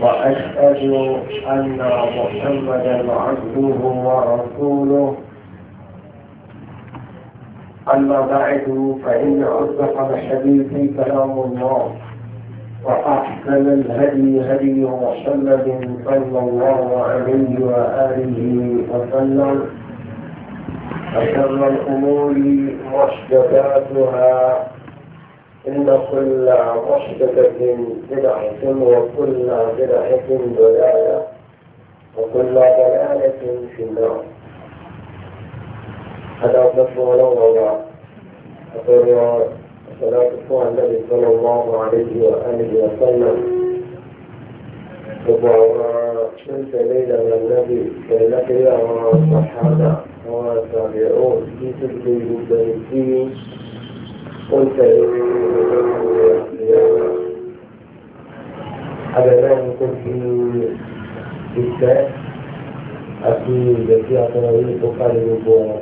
وأشهد أن محمدا عبده ورسوله أما بعد فإن أصدق الحديث كلام الله وأحسن الهدي هدي محمد صلى الله عليه وآله وسلم وشر الأمور محدثاتها إن كل محدثة بدعة وكل بدعة ضلالة وكل ضلالة في النار هذا قصر ولو وضع أقول صلاة الصلاة النبي صلى الله عليه وآله وسلم شمس ليلة من النبي كي لقي وصحابة وتابعون في تلك المدرسين àbẹ̀rẹ̀ ẹni tó fi ìfẹ́ àti ìrètí àtọ́nà yìí tó kárí gbogbo wọn.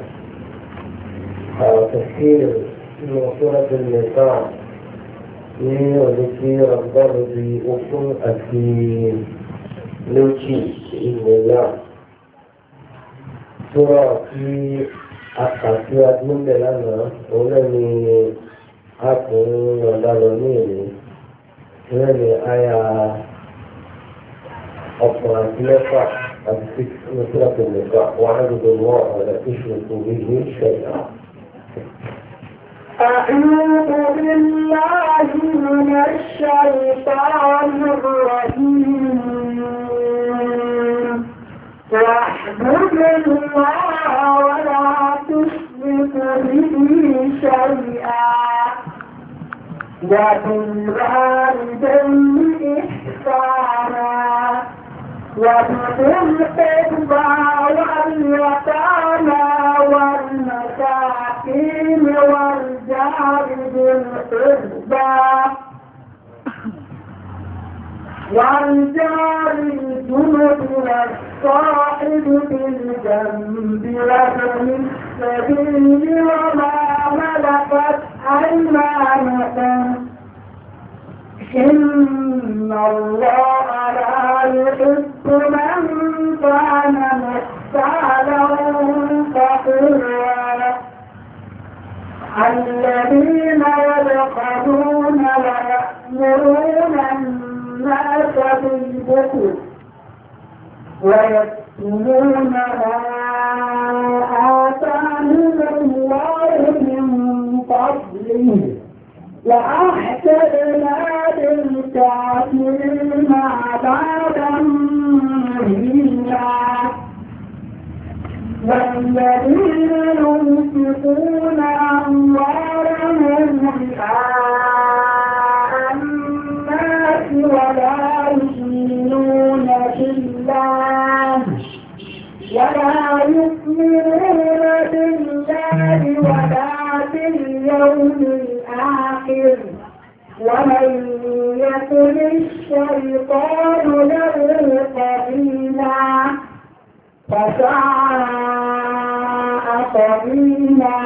àtẹ̀síìrì nínú sọ́ọ́tì nìkan ní ọ̀dọ́ tí ọgbọ́n di okun àti lójì ilẹ̀ náà. sọ́ọ́ tí àkàtúwájú ń bẹ̀ lánàá òun náà ni. أكون ولالمين هذه آية أصلا نفع الله ولا به شيئا أعوذ بالله من الشيطان الرجيم الله ولا تشرك به شيئا وبالوالدين إحسانا وبذي القربى واليتامى والمساكين والجار ذي القربى وأنتم الصاحب بالجنب وابن وما ملكت أيمانكم إن الله لا يحب من كان مختالا فخورا الذين يبخلون ويأمرون الناس ما تملكه ويكتمون ما آتاهم الله من فضله وأعتدنا للكافرين عذابا مهينا والذين ينفقون أموالهم رئاء ولا يؤمنون بالله ولا باليوم الآخر ومن يكن الشيطان له قليلا فساء قليلا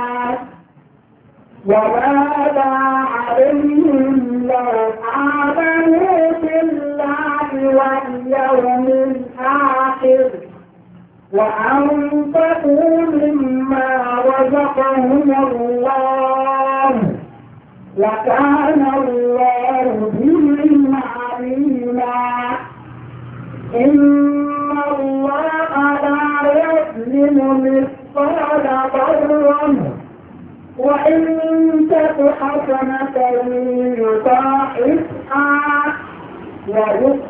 وماذا عليهم لو وأنفقوا مما رزقهم الله وكان الله بهم عليما إن الله لا يظلم مثقال ضرا وإن تك حسنة يضاعفها ويؤتي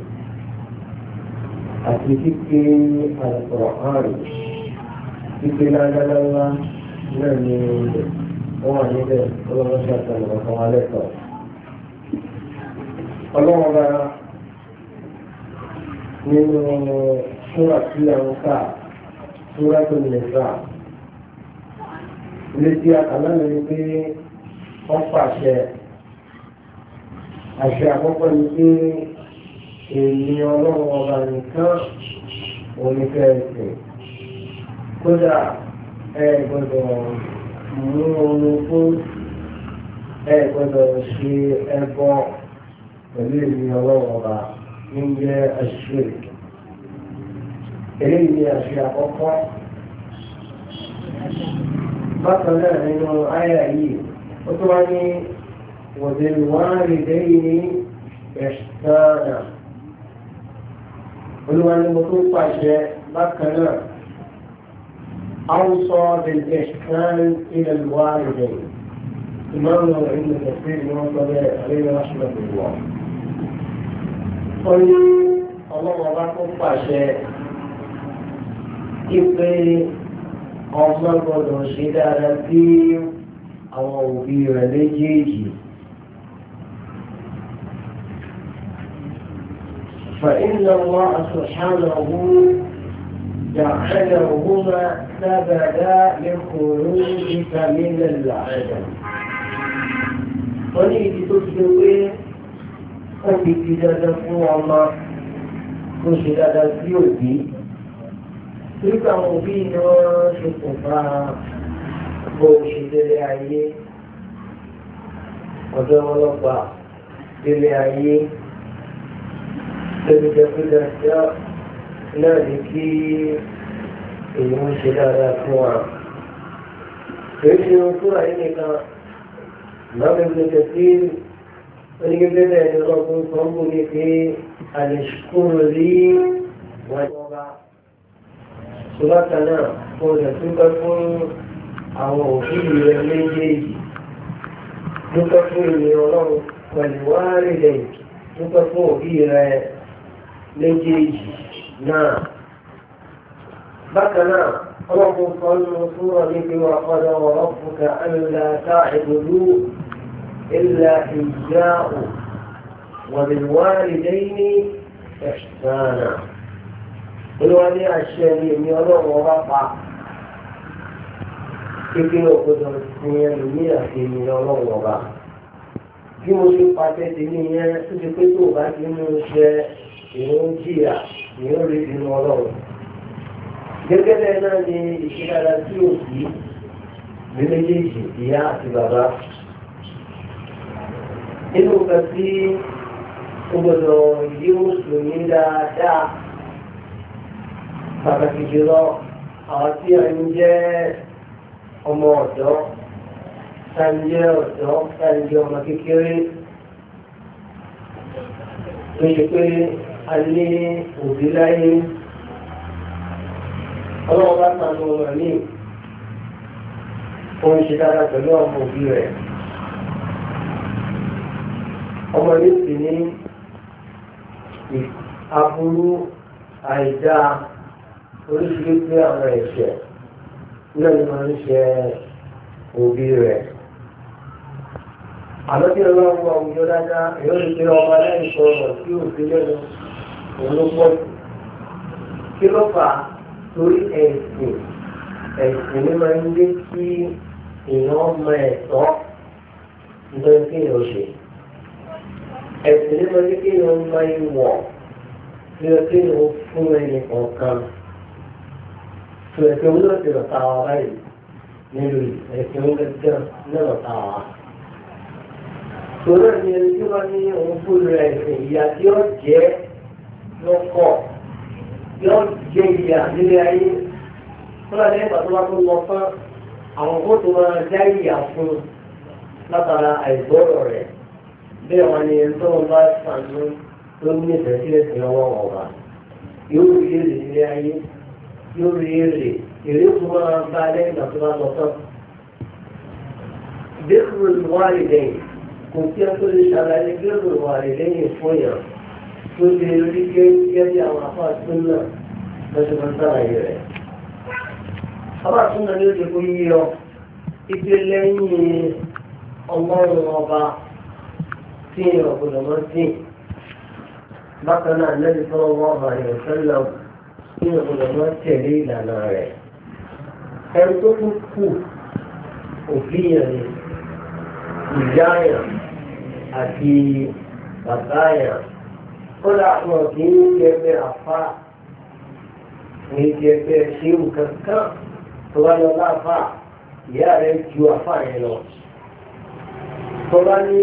àti kíké àlùkòrán kíké lágbáláwá náà ni wọ́n wà níbẹ̀ ọlọ́wọ́ ṣàtàlù ọ̀kan alẹ́kọ̀ọ́. ọlọ́wọ́ bá nínú ṣúra sí àwọn káà ṣúra tó lè gbà létí àkàlánà ni pé wọ́n pàṣẹ àṣẹ àkọ́kọ́ ni pé èyí ọlọ́run ọba nìkan oníkẹ́ ẹ̀sìn kódà ẹ mú ológun ẹ gbọ́dọ̀ ṣe ẹbọ pẹ̀lú èyí ọlọ́run ọba ní jẹ́ àṣìṣe èyí ni àṣì àkọ́kọ́ bákan náà nínú àyà yìí ó tó wá ní wọ̀dẹ̀lùwárì lẹ́yìn ẹ̀sán náà olúwa ni mo tó pàṣẹ bákan náà awùsọ bẹ̀rẹ̀ kan ilẹ̀ lùwà rẹ̀ ìmọ̀ràn ìlú kẹfì ni wọ́n sọ bẹ́ẹ̀ àríwá ṣùgbọ́n tó wọ̀. ó ní ọlọ́wọ́ bá tó pàṣẹ ipe ọmọ gbọdọ̀ ṣe dáadáa bí àwọn òbí rẹ̀ méjèèjì. فإن الله سبحانه جعلهما سببا لخروجك من العدم wọ́n ní ibi tó ti pé ó fi di dandan fún ọmọ kó ṣe dandan sí òbí nípa àwọn òbí ni wọ́n ṣe kò bá bó ṣe délé ayé ọ̀dọ́ ọlọ́pàá délé ayé tẹ́lifíjẹ́fíjẹ́ náà ní kí èyí ń ṣe dáadáa fún wa kìí ṣe ohun tó wà nínú ìka lọ́dún tó ṣe sí onígbẹ́gbẹ́ bẹ́ẹ̀ ni ọkùnrin kan bú mi pé àlèṣkúrò rí wọ́n bá ṣùgbọ́n kan náà kó o lè dúpẹ́ fún àwọn òbí rẹ méjèèjì dúpẹ́ fún ìrìn ọlọ́run pẹ̀lú wáárẹ̀ lẹ́yìn dúpẹ́ fún òbí rẹ méjèèjì náà bákan náà ọlọ́run sọ nínú súnmọ́ ní wà fọ́dọ̀ ọ̀rọ̀ fúnka ẹ̀ńlá tá ìdòdó إلا إياه وبالوالدين إحسانا olùwádìí àṣẹ ni èmi ọlọ́run ọba pa kékeré òkúta ní ẹnu ní àti èmi ọlọ́run ọba bí mo ṣe pàṣẹ tèmi yẹn tó ti pé tó o bá ti mú un ṣe ìrún jìyà ìrún rí inú ọlọ́run gẹ́gẹ́ bẹ́ẹ̀ náà ni ìṣẹ́dára tí ò sí ní méjèèjì ìyá àti bàbá nínú nǹkan tí ó gbọdọ̀ yí mùsùlùmí dáadáa pàtàkì jùlọ àwọn tí a ń jẹ́ ọmọ ọ̀dọ́ tá ọ̀dọ́ tá ọmọ kékeré tó ṣe pé a ní òbí láyé ọlọ́wọ́ bá ta ní ọmọ mi ó ń ṣe dára pẹ̀lú ọmọ òbí rẹ̀ ọmọ yóò sì ní aburú àìdá oríṣiríṣi àwọn ẹ̀ṣẹ̀ náà ni wọ́n ń ṣe òbí rẹ̀ àlọ́ bí ọlọ́run ọmọ òjò dáadáa èyí ó lè ọmọ aláìsọ ọ̀rọ̀ tí ò sí lẹ́nu òun ló pọ̀ jù kí ló fà á torí ẹ̀sìn ẹ̀sìn ní máa ń gbé kí èèyàn ọmọ ẹ̀tọ́ nítorí kí èèyàn ṣe ẹ̀sìn ní máa ń gbé kí èèyàn ọmọ ìwọ̀ kí ló kí èèyàn fún ẹni kọ̀ọ̀kan tó ẹ̀sìn òun náà ti lọ ta wa báyìí nílùú ẹ̀sìn òun gẹ́gẹ́ náà lọ ta wa. Tòun náà ni ẹni tí wọ́n ní òun fún ẹ̀sìn ìyá tí ó jẹ́ ló pọ̀ yọ jẹ ìyà nílé ayé kúrò ní ìgbà tó bá tó lọ fún àwọn kó tó máa já ìyà fún látara àìgbọ́rọ̀ rẹ̀ bẹ́ẹ̀ wọn ni tó ń bá sànú ló ní ìfẹ́ sílẹ̀ sí ọwọ́ ọ̀wà yóò rí èrè nílé ayé yóò rí èrè èrè tó máa bá lẹ́yìn ìgbà tó bá lọ fún. Bẹ́ẹ̀ ló wá ìdẹ́yìn kò kí ẹ tó lè ṣàlàyé bẹ́ẹ̀ ló wá ìdẹ́yìn fún yàn tó ṣe rí gẹ́gẹ́ bí àwọn àfáà tó ń náà lọ́sẹ̀ máa ń sàlàyé rẹ̀. àbá tún náà ní ó ṣe kó yí ọ ipe lẹ́yìn ọlọ́run ọba tí èèyàn gbọdọ̀ mọ́ sí bákan náà lẹ́yìn tó wọ́n ọba èèyàn sẹ́lẹ̀ tí èèyàn gbọdọ̀ mọ́ tẹ̀lé ìlànà rẹ̀. ẹni tó kú kù òbí yẹn ni ìyá yẹn àti bàbá yẹn kódà wọn kì í jẹgbẹ́ àfa ní jẹgbẹ́ ṣéwù kankan tó bá lọ láfa ìyá rẹ̀ ju àfa yẹn lọ. tó bá ní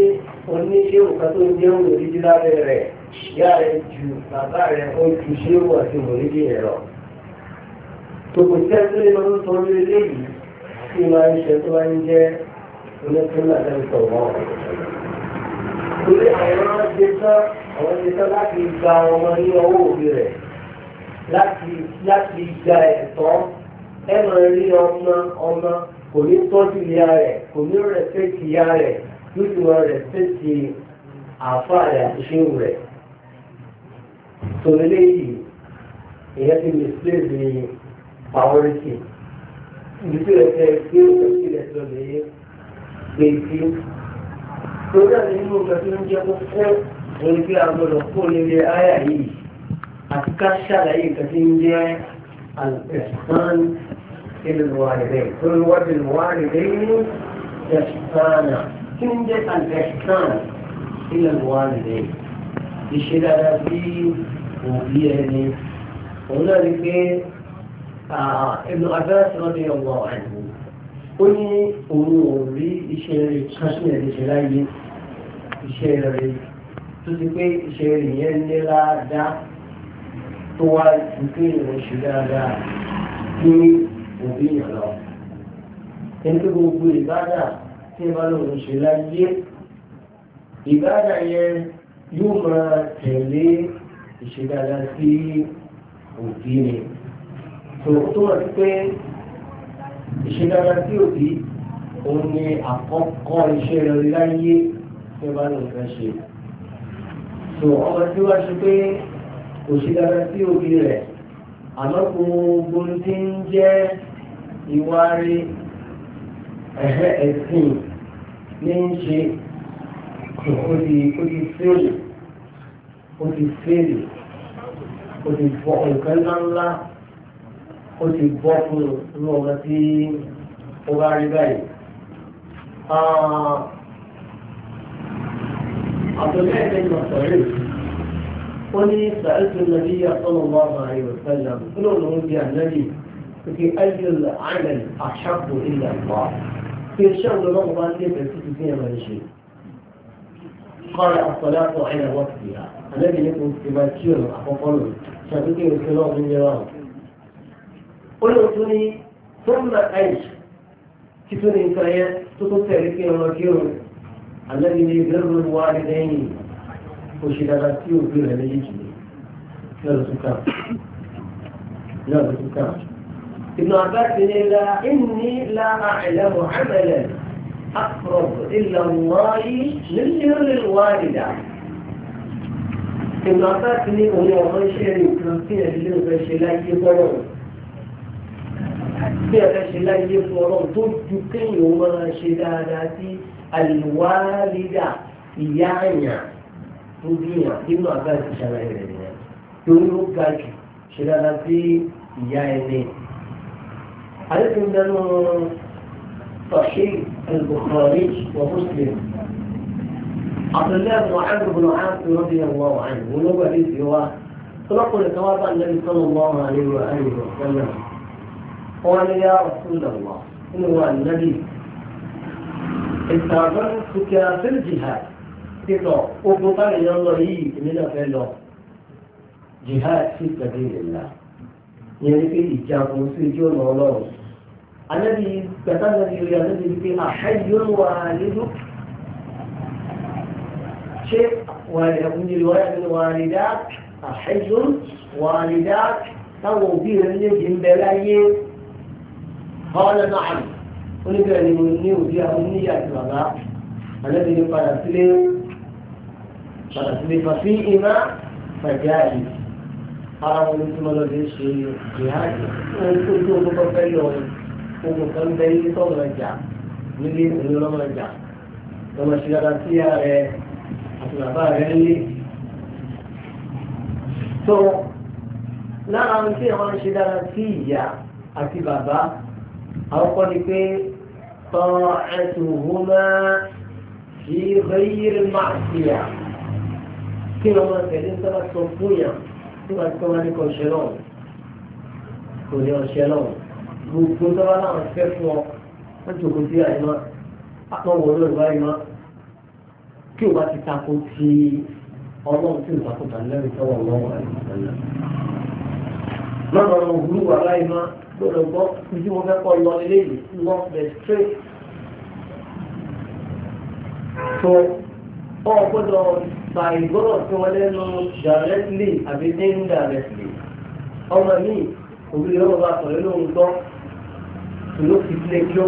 oníṣéwù kan tó ń jẹun lòdìdí lábẹ́ rẹ̀ ìyá rẹ̀ ju bàbá rẹ̀ ó ju ṣéwù àti lòdìdí yẹn lọ. tòkò tẹ́sí ló ń torí eléyìí tí máa ń ṣe tó bá ń jẹ́ onípínlẹ̀ àtẹ́sọ̀rọ̀ torí àwọn ṣetán àwọn ṣetán láti gba ọmọ ní ọwọ́ òbí rẹ̀ láti gba ẹ̀tọ́ ẹ máa rí ọmọ ọmọ kò ní tọ́jú ìyá rẹ̀ kò ní rẹ̀fẹ́tì ìyá rẹ̀ yóò ti máa rẹ̀fẹ́tì àáfàá rẹ̀ àti ṣéwù rẹ̀ torí léyìí èèyàn ti misplace priority ibi tí rẹ̀ fẹ́ gbé òkè sílẹ̀ tó lè gbé sí. torí àti nínú nǹkan tó ń jẹ́ kó fún òun pé agbọ́dọ̀ kó lélẹ̀ áyà yìí àti ká ṣàlàyé nǹkan tó ń jẹ́ alẹ́sán ìlúwàlẹ̀ tó ń wọ́dì ìlúwàlẹ̀ ní ẹ̀sánà tó ń jẹ́ alẹ́sán ìlúwàlẹ̀ ìṣe dáadáa bí òbí ẹni òun náà ni pé ibùdó abẹ́rẹ́ sọ́dọ̀ yọ̀ wọ̀ ẹ̀dùn. ó ní òun ò rí iṣẹ́ rẹ̀ kásìlẹ̀ láyé iṣẹ́ rẹ̀ tó ti pé iṣẹ́ rẹ̀ yẹn dá tó wá ìpè ìrìn ṣe dáadáa ní òbí yàn lọ. ẹni tó gbogbo ìbádà tí ẹ bá lòun ṣe láyé ìbádà yẹn yóò máa tẹ̀lé ìṣe dáadáa sí òbí ni. tòun tó wà sí pé ìṣèdára tí òbí òun ni àkọ́kọ́ iṣẹ́ rẹ̀ láyé tí ó bá lọ fẹ́ ṣe. tó ọmọ tí wá ṣe pé òṣèdára tí òbí rẹ̀ àmọ́ gbogbo ti ń jẹ́ ìwárí ẹ̀sìn ní ń ṣe ó ti fèrè ó ti fèrè ó ti fọ nǹkan ńláńlá ó ti bọ́ fún inú ọmọ tí ó bá rí báyìí. Ah, àtọ̀lẹ́ ẹ̀kẹ́ ni ọ̀sọ̀rẹ́ ó ní sàẹ́sì nàbí àtọ́nà wà máa yọ̀ sẹ́lẹ̀ nínú òun bí ànábì ó ti ayél àìlẹ̀ àṣàkò ilẹ̀ wà. Fi iṣẹ́ òun lọ́wọ́ bá ń lé bẹ̀rẹ̀ sí ti fi ẹ̀rọ ṣe. Kọ́ra àtọ̀lẹ́ àtọ̀ àìlẹ̀ wọ́pù yà. Ànábì ní kò ti máa kí ọ̀nà àkọ́kọ́ lò. Ṣàbíkẹ́ òṣèlú ọ̀gbìn yẹn wà. قلتني ثم أيش كتوني إنسانية تطلق تاريخين ونوكيون الذي يبر الوالدين وشيلا غاتيو بيرا ليجي يا رسول الله يا رسول الله ابن عباس بن الله إني لا أعلم عملا أقرب إلا الله من بر الوالدة ابن عباس بن الله أمي وغيشي أن يكون فيها جلوس الشلاكي ضرورة bí ẹ̀fẹ́ ṣe láyé fún ọlọ́run tó ju kéèyàn ó máa ṣe dáadáa sí àlùwálídà ìyá àyàn tó bíyàn nínú àgbà ti rẹ̀ nìyẹn torí ó ga jù ṣe dáadáa sí ìyá ẹni. àyẹ̀kùn dánú صحيح البخاري ومسلم عبد الله بن عمرو بن عاص رضي الله عنه ونبه في سواه تلقوا لتواضع النبي صلى الله عليه واله وسلم قال يا رسول الله هو النبي استعملتك في الجهاد تقع وقطع إلى الله من افعل جهاد في سبيل الله يعني في إجابة جون الله الذي كتب لي نبي في أحي والدك شيء ومن رواية من والدات أحي والدات أو في رجل بلايه قال نعم ونبقى مني وفيها أمنية بابا الذي قال سليم قال سليم ففيهما فجائز أرى من ثم لو في جهاد كنت متقبلون ومكان بين طول رجع نبي ونلوم رجع وما شجرة فيها أطلبا غني تو لا أنت ما شجرة فيها أكيد بابا àkọ́kọ́ ni pé ta'atuhuma fi ghayri ma'siyah kí lọ́mọ tẹ̀lé sábà sọ fún yàn tí wọ́n ti wọ́n ní kò ṣe náà kò ní ọ̀ṣẹ́ náà gbogbo sábà náà fẹ́ fún ọ wọ́n jòkó sí àyíná àpọ̀ wọ́n lórí báyìí náà kí o bá ti tako ti ọlọ́run tí o bá tó bá lẹ́rìí ọlọ́run àìsàn lọ́nà ọ̀rọ̀ òwúrò wà láyé náà gbọ́dọ̀ gbọ́ ibi mo fẹ́ kọ́ lọ ilé yìí lọ bẹ̀ straight. so ọ gbọ́dọ̀ gba ìgbọ́rọ̀ tí wọ́n lẹ́nu directly àbí indirectly ọmọ mi òbí yóò bá sọ̀rọ̀ lóhun gbọ́ ló fi sílé kí ó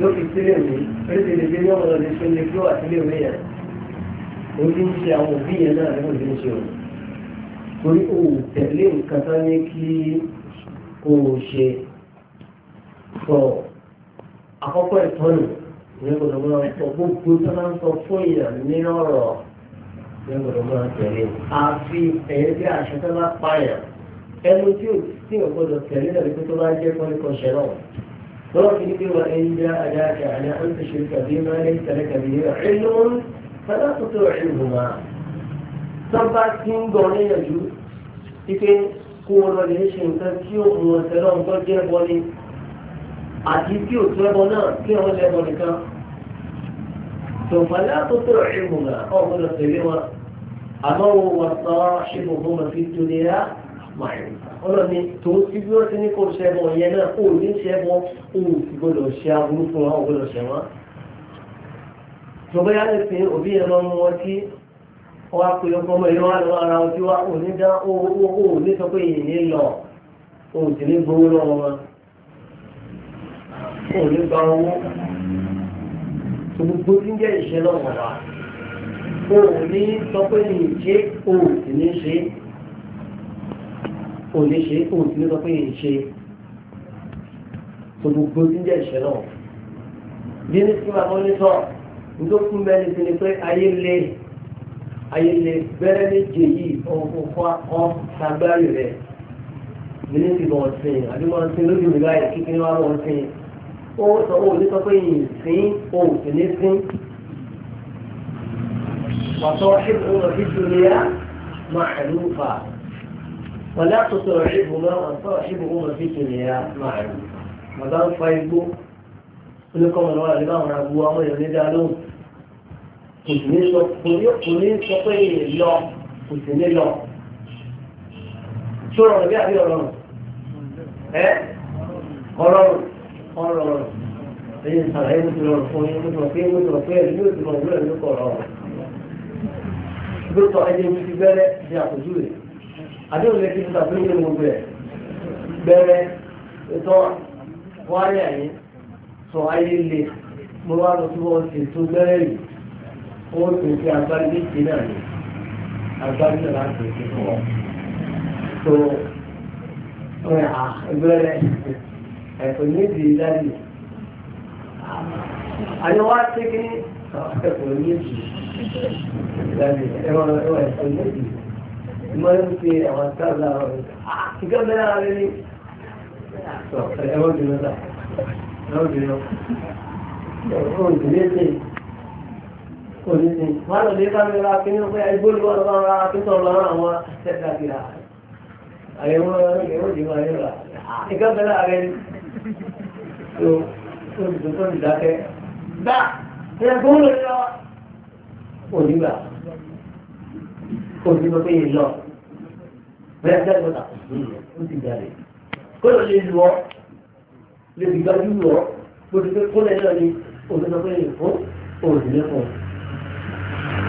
ló fi sílé mi péréte lè gbé ní ọmọ lọ́dẹ ṣe lè kí ó àtìlé mi yẹn òbí ń ṣe àwọn òbí yẹn náà ní òbí ń ṣe torí o tẹ̀lé nǹkan tán ní kí kó o ṣe sọ àkọ́kọ́ ìtọ́nù ní gbọdọ̀ máa sọ gbogbo tó máa ń sọ fún èèyàn ní ọ̀rọ̀ ní gbọdọ̀ máa tẹ̀lé àfi ẹ̀yẹ́ bí àṣẹ tó bá pààyàn ẹnu tí ò sí ọ̀gbọ́dọ̀ tẹ̀lé tàbí tó bá jẹ́ kọ́nìkọ̀ṣẹ́ náà. ولكن يقول وإن جاءك على أن تشرك بما ليس لك به علم فلا تطيعهما. طبعا كين قولي يجوز kó wọn lọ lè ṣe nǹkan tí ó mú ọ̀sẹ̀ lọ́n tó jẹ́ ẹbọ ni àti tí ò tó ẹbọ náà kí wọ́n lẹ́bọ nìkan. tòǹfàlẹ́ àtúntò ìhùn náà ọ̀gbọ́dọ̀ tẹ̀lé wọn àmọ́ wọn wà sọ ṣẹ́gun fún wọn fi tóní rá ọlọ́ni tó ti bí wọ́n ti ní kó ṣẹbọ yẹn náà ó ní ṣẹbọ ó sì gbọ́dọ̀ ṣe aburú fún wọn ó gbọ́dọ̀ ṣẹ wọn. tòbẹ́yà lè wá pé ọkọ ọmọ ìlú wa lọ ara ojú wa ò ní dá owó owó ní sọ pé ìyìn lọ o sì ní gbowó lọ́wọ́ wọn o ní gba owó gbogbo tí ń jẹ́ ìṣe lọ́wọ́ wa o ní sọ pé ní ìṣe o sì ní ṣe o ní ṣe o sì ní sọ pé ìṣe gbogbo tí ń jẹ́ ìṣe lọ́wọ́ bí ní sí wàá ní sọ nítorí fún bẹ́ẹ̀ ni sí ayé lé ayẹyẹ bẹ́rẹ́ méje yìí ọ̀fọ̀fọ̀ ọ̀ sagbárí rẹ̀ ilé ti bọ̀ ọ̀sìn àbí wọ́n sin lójú mi báyìí kíkiri wá wọ́n sin ó sọ ó ní sọ pé yìí sín ó sì ní sín wàtọ́ ṣíbù ń lọ sí jùlíà máa ẹ̀lú fà wàlá tó sọ̀rọ̀ ṣíbù náà wàtọ́ ṣíbù ń lọ sí jùlíà máa ẹ̀lú bàbá ń fa igbó ó ní kọ́mọ̀lọ́wọ́ àdébáwọn àbúrò àwọn èèyàn ní dá lóhùn kò sì ní sọ kò ní kò ní sọ pé èyí lọ kò sì ní lọ. tó rọrùn bí àbí ọlọ́run ẹ ọlọ́run ọlọ́run èyí ń sàlàyé mo ti rọrùn fún yín mo ti rọ pé mo ti rọ pé èyí yóò ti rọ ìwúrẹ̀ ló kọ̀ ọ̀rọ̀ lóòótọ́ ẹni mo ti bẹ̀rẹ̀ di àpòjúwe àdéhùn lè fi ti tàbí ní gbogbo ẹ̀ bẹ̀rẹ̀ ètò wáyà yìí sọ ayé le mo wá lọ sí wọn ṣètò bẹ̀rẹ̀ yìí wọ́n tún fi agbárí méjì náà ní agbárí náà láti fi fún ọ. tó ẹ à ìgbẹ́rẹ́ ẹ̀kọ́ méjì dájú. àyẹ̀wò á ṣe kí ẹ̀kọ́ méjì dájú ẹ̀wọ̀n ẹ̀kọ́ méjì. ìmọ̀ ń fi àwọn sáàlà ọ̀rọ̀ ìgbà mẹ́rin ara rẹ̀ ní. ẹ̀wọ̀n jùlọ náà ẹ̀wọ̀n jùlọ. ẹ̀wọ̀n jùlọ òní ni wọ́n lọ lé kámẹ́rà kíní pé igbólúwọ́ lọ́wọ́ ra kíntọ́ lọ́wọ́ àwọn ṣẹ́ta kí ra àyẹ̀wò ẹ̀wọ́ ìdìbò àyẹ̀wò rà ìkẹ́ bẹ̀rẹ̀ ààrẹ ni tó olùdó tó ní dákẹ́ gbà ẹ̀ fún lórí lọ òní gbà òní lọ pé yìí lọ bẹ́ẹ̀ bẹ́ẹ̀ lọ́ta ó ti jáde kó lọ lè lọ lè fi gbájú lọ kó lè lọ ní òní lọ pé yìí fún òní lẹ́fọ̀ọ́.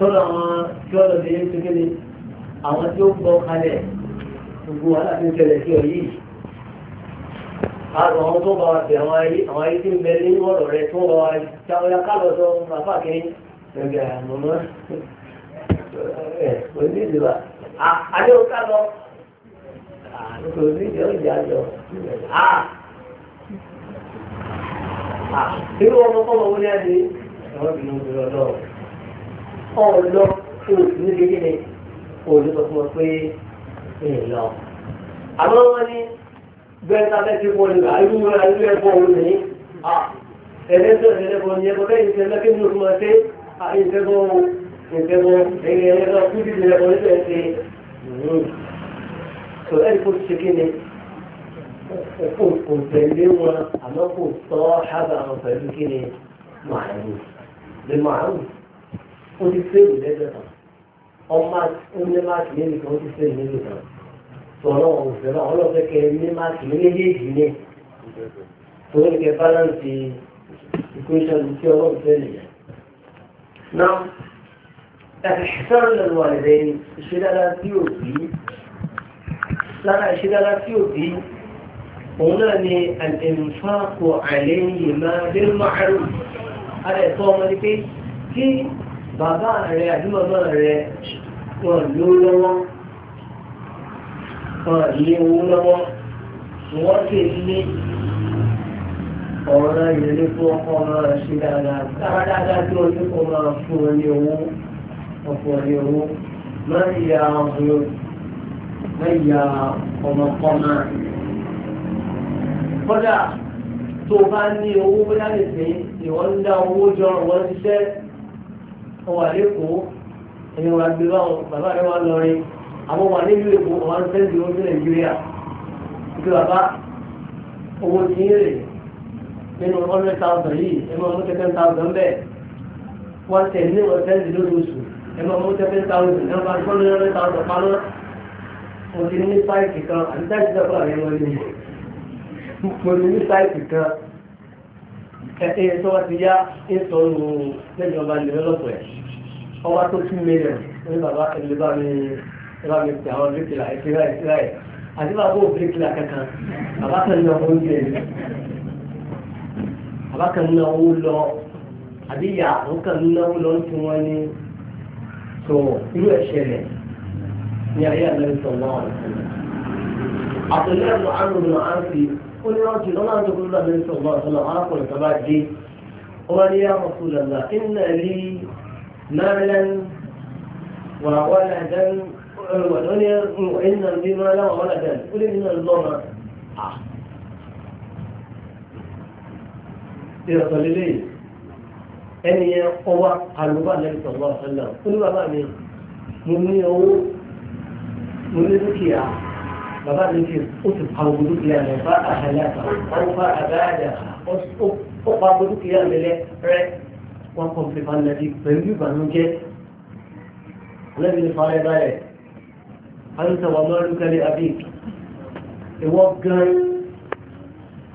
sọ́dọ̀ àwọn tí wọ́n lọ yé kékeré àwọn tí ó gbọ́ kalẹ̀ gbogbo wàhálà tí ń tẹ̀lé sí ọ yìí àwọn tó bá wà sí àwọn ayé àwọn ayé tí ń bẹ ní ọ̀rọ̀ rẹ tó bá wà jáwéyà kálọ̀ sọ bàbá kìíní ẹgbẹ́ àmọ́mọ́ ẹ̀ onídìbà àdé òkà lọ àdókò onídìí ọjà lọ àà irú ọmọ kọ́mọ wọlé àdé ẹ̀wọ́n bìnú bìnú ọ̀lọ́ òòtù níbi kí ni òòlù sọ fún ọ pé ìlọ. àmọ́ wọ́n ní bẹ́ẹ̀ ta fẹ́ fi bọ́ ni rà irú rẹ̀ irú ẹ̀ bọ́ òun ní à ẹ̀ẹ́dẹ́gbẹ̀ ẹ̀ẹ́dẹ́gbẹ̀ ni ẹ̀kọ́ bẹ́ẹ̀ ìṣẹ́ lọ́kẹ́ ní òfin ọ̀sẹ̀ àìṣẹ́gbọ́ ìṣẹ́gbọ́ ẹ̀yẹ ẹ̀rọ kúndì ní ẹ̀kọ́ níbẹ̀ ṣe tó ẹ̀rí kó ṣe kí ni hmm. kò tẹ̀lé wọn àmọ́ kò tọ́ ṣáàbà wọn pẹ̀lú màálù ó ti fèrè lẹ́gbẹ̀ẹ́ ọmọ ní máàkì méjì kan ó ti fèrè méjì kan sọ̀rọ̀ òfin náà ọlọ́fẹ́ kẹ ní máàkì méjèèjì ní tòun ní kẹ báláǹsì equation tí ọlọ́run fẹ́ nìyẹn. náà ẹ̀fẹ̀ṣẹ̀ lẹ́nu àìrẹ́ ìṣẹ́dára tí ò bí lára ìṣẹ́dára tí ò bí òun náà ni àìmùfáàkù àìlẹ́yìn máa dé máa rù. a lè sọ ọmọdé bàbá rẹ àbí màmá rẹ wọ́n sì ní ọ̀rọ̀ ìrẹ̀lẹ̀ fún ọkọ̀ máa ṣe dáadáa dáadáa tí tó bá ní owó bóyá lè pín ìwọ́n dá owó jọ ìwọ́n ń ṣiṣẹ́ wọ́n wà lẹ́kọ̀ọ́ ẹ̀yìn wà gbé báwọn bàbá rẹ̀ wà lọ́rin àwọn wà nílùú èkó wà ń fẹ́ di oúnjẹ nàìjíríà ìgbé bàbá owó tí ń rè nínú hundred thousand yìí ẹnu ọmọ ten thousand bẹ́ẹ̀ wọ́n tẹ̀ ní wọ́n fẹ́ di lóṣooṣù ẹnu ọmọ ten thousand ẹnu ọmọ fọ́nrán hundred thousand paná mo ti ní sáìtì kan àti sáìtì kan kọ́ àrẹ mo ti ní sáìtì kan ẹ̀ẹ́ tó wá ti yá ètò ọ̀rùn lẹ́yìn ọba ìdẹ́lọ́pọ̀ ẹ̀ ọba tó tún mílíọ̀n ní bàbá ẹ̀lẹ́ bá mi bá mi tẹ àwọn bíríkìlà ẹ̀sìn láì sí láì àti bàbá ò bíríkìlà kankan bàbá kan ní ọmọ oúnjẹ bàbá kan ní ọwọ́ lọ àbí ìyá àwọn kan ní ọwọ́ lọ tí wọ́n ní tó irú ẹ̀ṣẹ̀lẹ̀ ní ayé àlẹ́ ìsọ̀wọ́n àtọ̀lẹ́rù àrùn àrùn ó ní rántí lọ́nà àjọ kúrò lọ́dọ̀ ní sọ̀rọ̀ ọ̀sán arákùnrin kan bá dé ó wá ní yá ọkùn lọ́la iná rí mẹ́rin wà wọ́n ẹ̀dẹ́n ó ní iná rí mẹ́rin wà wọ́n ẹ̀dẹ́n ó ní iná lọ́nà à. ìrọ̀tọ̀ lélẹ̀ ẹni yẹn ọwọ́ àlùbá lẹ́yìn sọ̀rọ̀ ọ̀sán náà ó ní bàbá mi mo ní owó mo ní dúkìá bàbá mi fi ó ti pa ogun dúkìá rẹ̀ bá àhàlàkà ó fa àgáàdà ó pa ogun dúkìá rẹ̀ rẹ̀ wọ́n kọ́ fi fa nàbí pẹ̀lú ìbànújẹ́ lẹ́bi ní farẹ́ báyẹ̀ àyùntà wà lọ́rùn kẹ́lẹ́ àbí ìwọ́ gan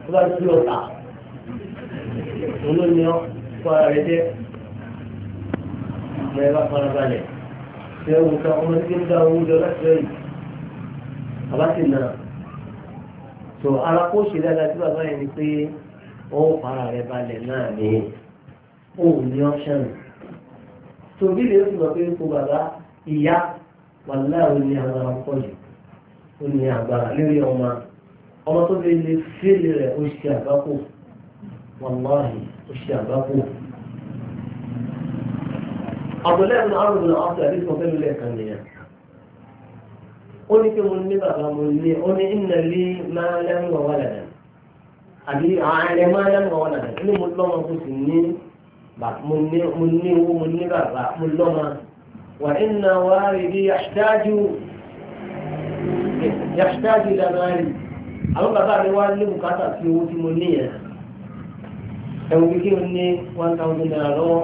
tó bá sí ọ̀tà olóyìn ọ́ fún ara rẹ̀ jẹ́ mẹ́rin bá fara balẹ̀ ṣé òun kan ọmọdé ń dá owó jọ láti rẹ̀ bàbá sì nà tó ara kó ṣe dáadáa tí bàbá yẹn ni pé ó fara rẹ balẹ̀ náà ní òun ní ọ́ṣán tó bí lè sùn lọ pé kó bàbá ìyá wà láàrin ní agbára pọ̀ jù ó ní agbára lórí ọmọ ọmọ tó fi lè fèlè rẹ̀ ó ṣe àgbákò wàláhì ó ṣe àgbákò. Abdullahi bin Amr bin Abdul Aziz kan fẹ́ lulẹ̀ kan nìyẹn ó ní kí mo ní bàbá mo lé ó ní ìnà lé máa lẹ́nu wà wàlàdà àbí àárẹ̀ máa lẹ́nu wà wàlàdà ó ní mo lọ́mọ kó sì ní mo ní owó mo ní bàbá mo lọ́mọ wà ìnà wà rí bí yàtàjú yàtàjú dáná rí àwọn bàbá mi wá ní bùkátà sí owó tí mo ní yẹn ẹ̀wọ̀n kí n ní one thousand naira lọ́wọ́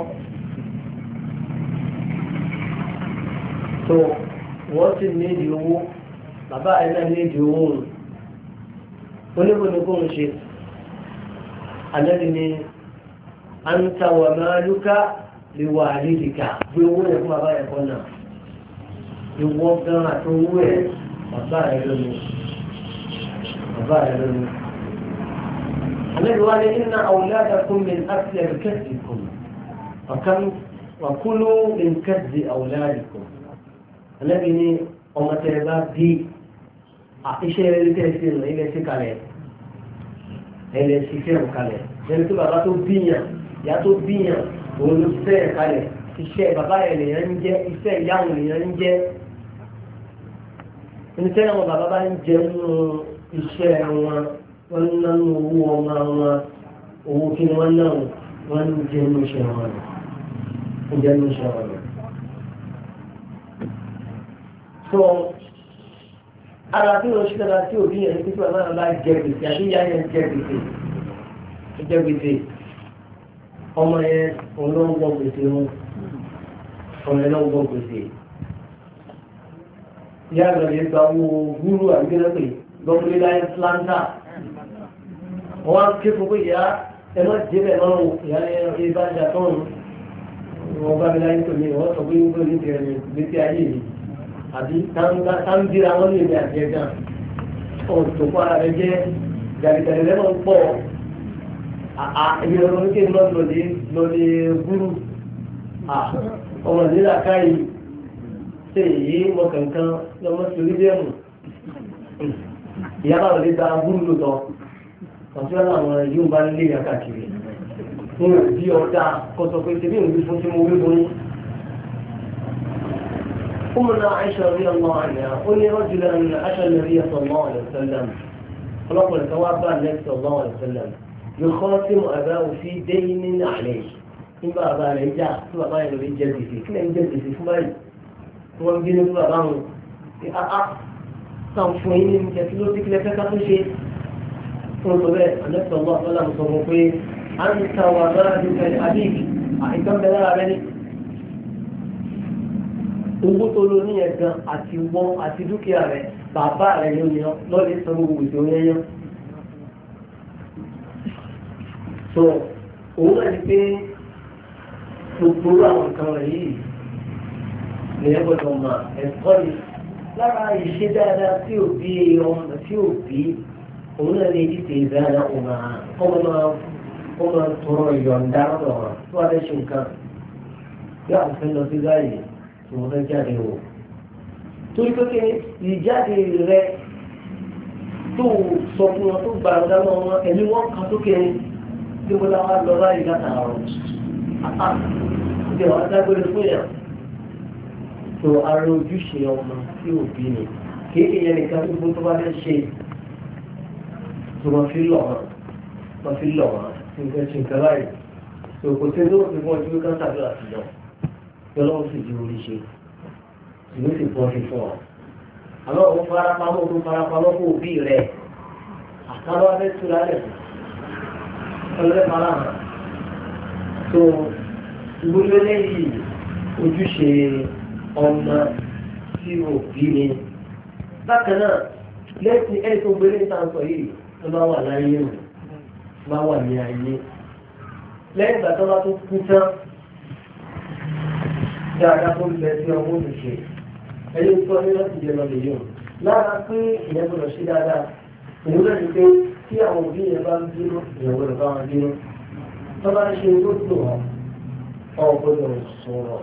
wọ́n sì nídi owó bàbá rẹ̀ náà nídi owó òun oníbòní kò ń ṣe àlẹ́bí ni à ń ta wà máa lúkà lè wà àlejìká gbé owó rẹ̀ fún bàbá rẹ̀ náà ìwọ gan àti owó rẹ̀ bàbá rẹ̀ lónìí bàbá rẹ̀ lónìí. النبي قال إن أولادكم من أكثر كذبكم وكلوا من كذب أولادكم ànábì ní ọmọ tẹ ẹ bá bí iṣẹ́ rere tẹ́ ẹ ṣe nù ilé ṣe kalẹ̀ ẹlẹ́ ṣiṣẹ́ ò kalẹ̀ ẹni tó bàbá tó bíyàn ìyá tó bíyàn òun ló ṣiṣẹ́ ẹ̀ kalẹ̀ iṣẹ́ bàbá ẹ̀ lèèyàn ń jẹ́ iṣẹ́ ìyá òun lèèyàn ń jẹ́ nítorí àwọn bàbá bá ń jẹ nínú iṣẹ́ wọn wọ́n ń ná owó ọmọ wọn owó kí ni náà wọ́n ń jẹ nínú iṣẹ́ wọn ń jẹ nínú iṣẹ́ wọn. tó ara tí wọ́n ṣẹlẹ̀ tí òbí yẹn ní pípẹ́ náà bá jẹ gbèsè àbí ìyá yẹn jẹ gbèsè jẹ gbèsè ọmọ yẹn òun ló ń gbọ́ gbèsè wọn ọmọ yẹn ló ń gbọ́ gbèsè ìyá àgbà yẹn gba owó wúrú àgbélẹ́pẹ̀ lọ́kùnrin láyé planta wọ́n á ké fún pé ìyá ẹ má jẹ́ bẹ́ẹ̀ lọ́rùn ìyá yẹn bá jà tọ́run wọ́n bá mi láyé tòmí wọ́n sọ pé wúrú ní tẹ̀lé gbèsè ayé yìí àbí táńdíra wọn lè ní àti ẹja ọ̀tọ̀ fún ara rẹ jẹ́ jàdìjàdì lẹ́wọ̀n ń pọ̀ ìyẹn lọ́dún kí n lọ lọ́dẹ lọ́dẹ gúrú ọmọ nílà káyì ṣe èyí mọ kankan lọ́mọ sórí bẹ́ẹ̀mù ìyá bàbá lè ta gúrú lọ́tọ̀ ọ̀tún yàrá àwọn yóò bá lé yàrá kiri wọn ò bí ọ̀dà kọ́sọ̀ pé ṣe bí òun bí fún tí mo wí fún أمنا عائشة رضي الله عنها قل لي رجلا أتى النبي صلى الله عليه وسلم فلقوا لتوافى النبي صلى الله عليه وسلم يخاصم أباه في دين عليه إن بابا رجع بابا يلو يجلدي فيه كنا يجلدي فيه فمالي هو مدين بابا أأأ كان فوين من كتلو تكلا كتلو شيء قلت به النبي صلى الله عليه وسلم أنت وراء ذلك أحكم بلا عليك owó tó ló ní yẹn gan àti wọn àti dúkìá rẹ bàbá rẹ ló ní lọ́lẹ̀ san owó ìjọ yẹn yẹn. so òun náà ni pé gbogbo àwọn nǹkan rẹ yìí lèyẹ gbọ́dọ̀ mọ̀ ẹ̀kọ́ yìí lára ìṣe dáadáa tí òbí ọmọ tí òbí òun náà lè dìde ìdáná òun àá ọmọ náà ó máa ń tọrọ ìyọ̀ǹda lọ́dọ̀ wọn tó wà lẹ́sùn kan bí àwọn lọ sí báyìí tí mo fẹ́ jáde wò torí pé ìjáde rẹ tó sọ fún wọn tó gbàgbá náà wọn ẹni wọn kan sókè tí mo láwa lọ báyìí láta àrùn àpá ìdè wọn dágbére fún yà tó ara ojúṣe ọmọ tí òbí ni kéèké yẹn nìkan gbogbo tó bá fẹ́ ṣe tó wọn fi lọ wọn wọn fi lọ wọn nǹkan ṣe nǹkan láyè tó kò sí fún ọjọ́ káńtà tó àtijọ́ yọlọ́wọ́ sì ju orí ṣe ìwé sì bọ́ sí fún ọ. àmọ́ òun farapamọ́ òun farapamọ́ fún òbí rẹ̀ àtàwọn abẹ́ tura rẹ̀ ọlọ́dẹ fara hàn. tó ìwúlò lẹ́yìn ojúṣe ọmọ tí òbí ni. bákan náà lẹ́sìn ẹ̀ tó gbélé ń tàn sọ yìí ló bá wà láyé o bá wà ní ayé lẹ́yìn ìgbà tó bá tó kú tán dáadáa tó ń bẹ sí ọmọ òṣìṣẹ́ ẹni tó ní láti jẹ lọ nìyẹn lára pé ìyẹn gbọdọ̀ ṣe dáadáa òun náà ni pé tí àwọn òbí yẹn bá ń bínú ìyẹn gbọdọ̀ bá wọn bínú tó bá ń ṣe tó tó wọn ọ gbọdọ̀ sọ̀rọ̀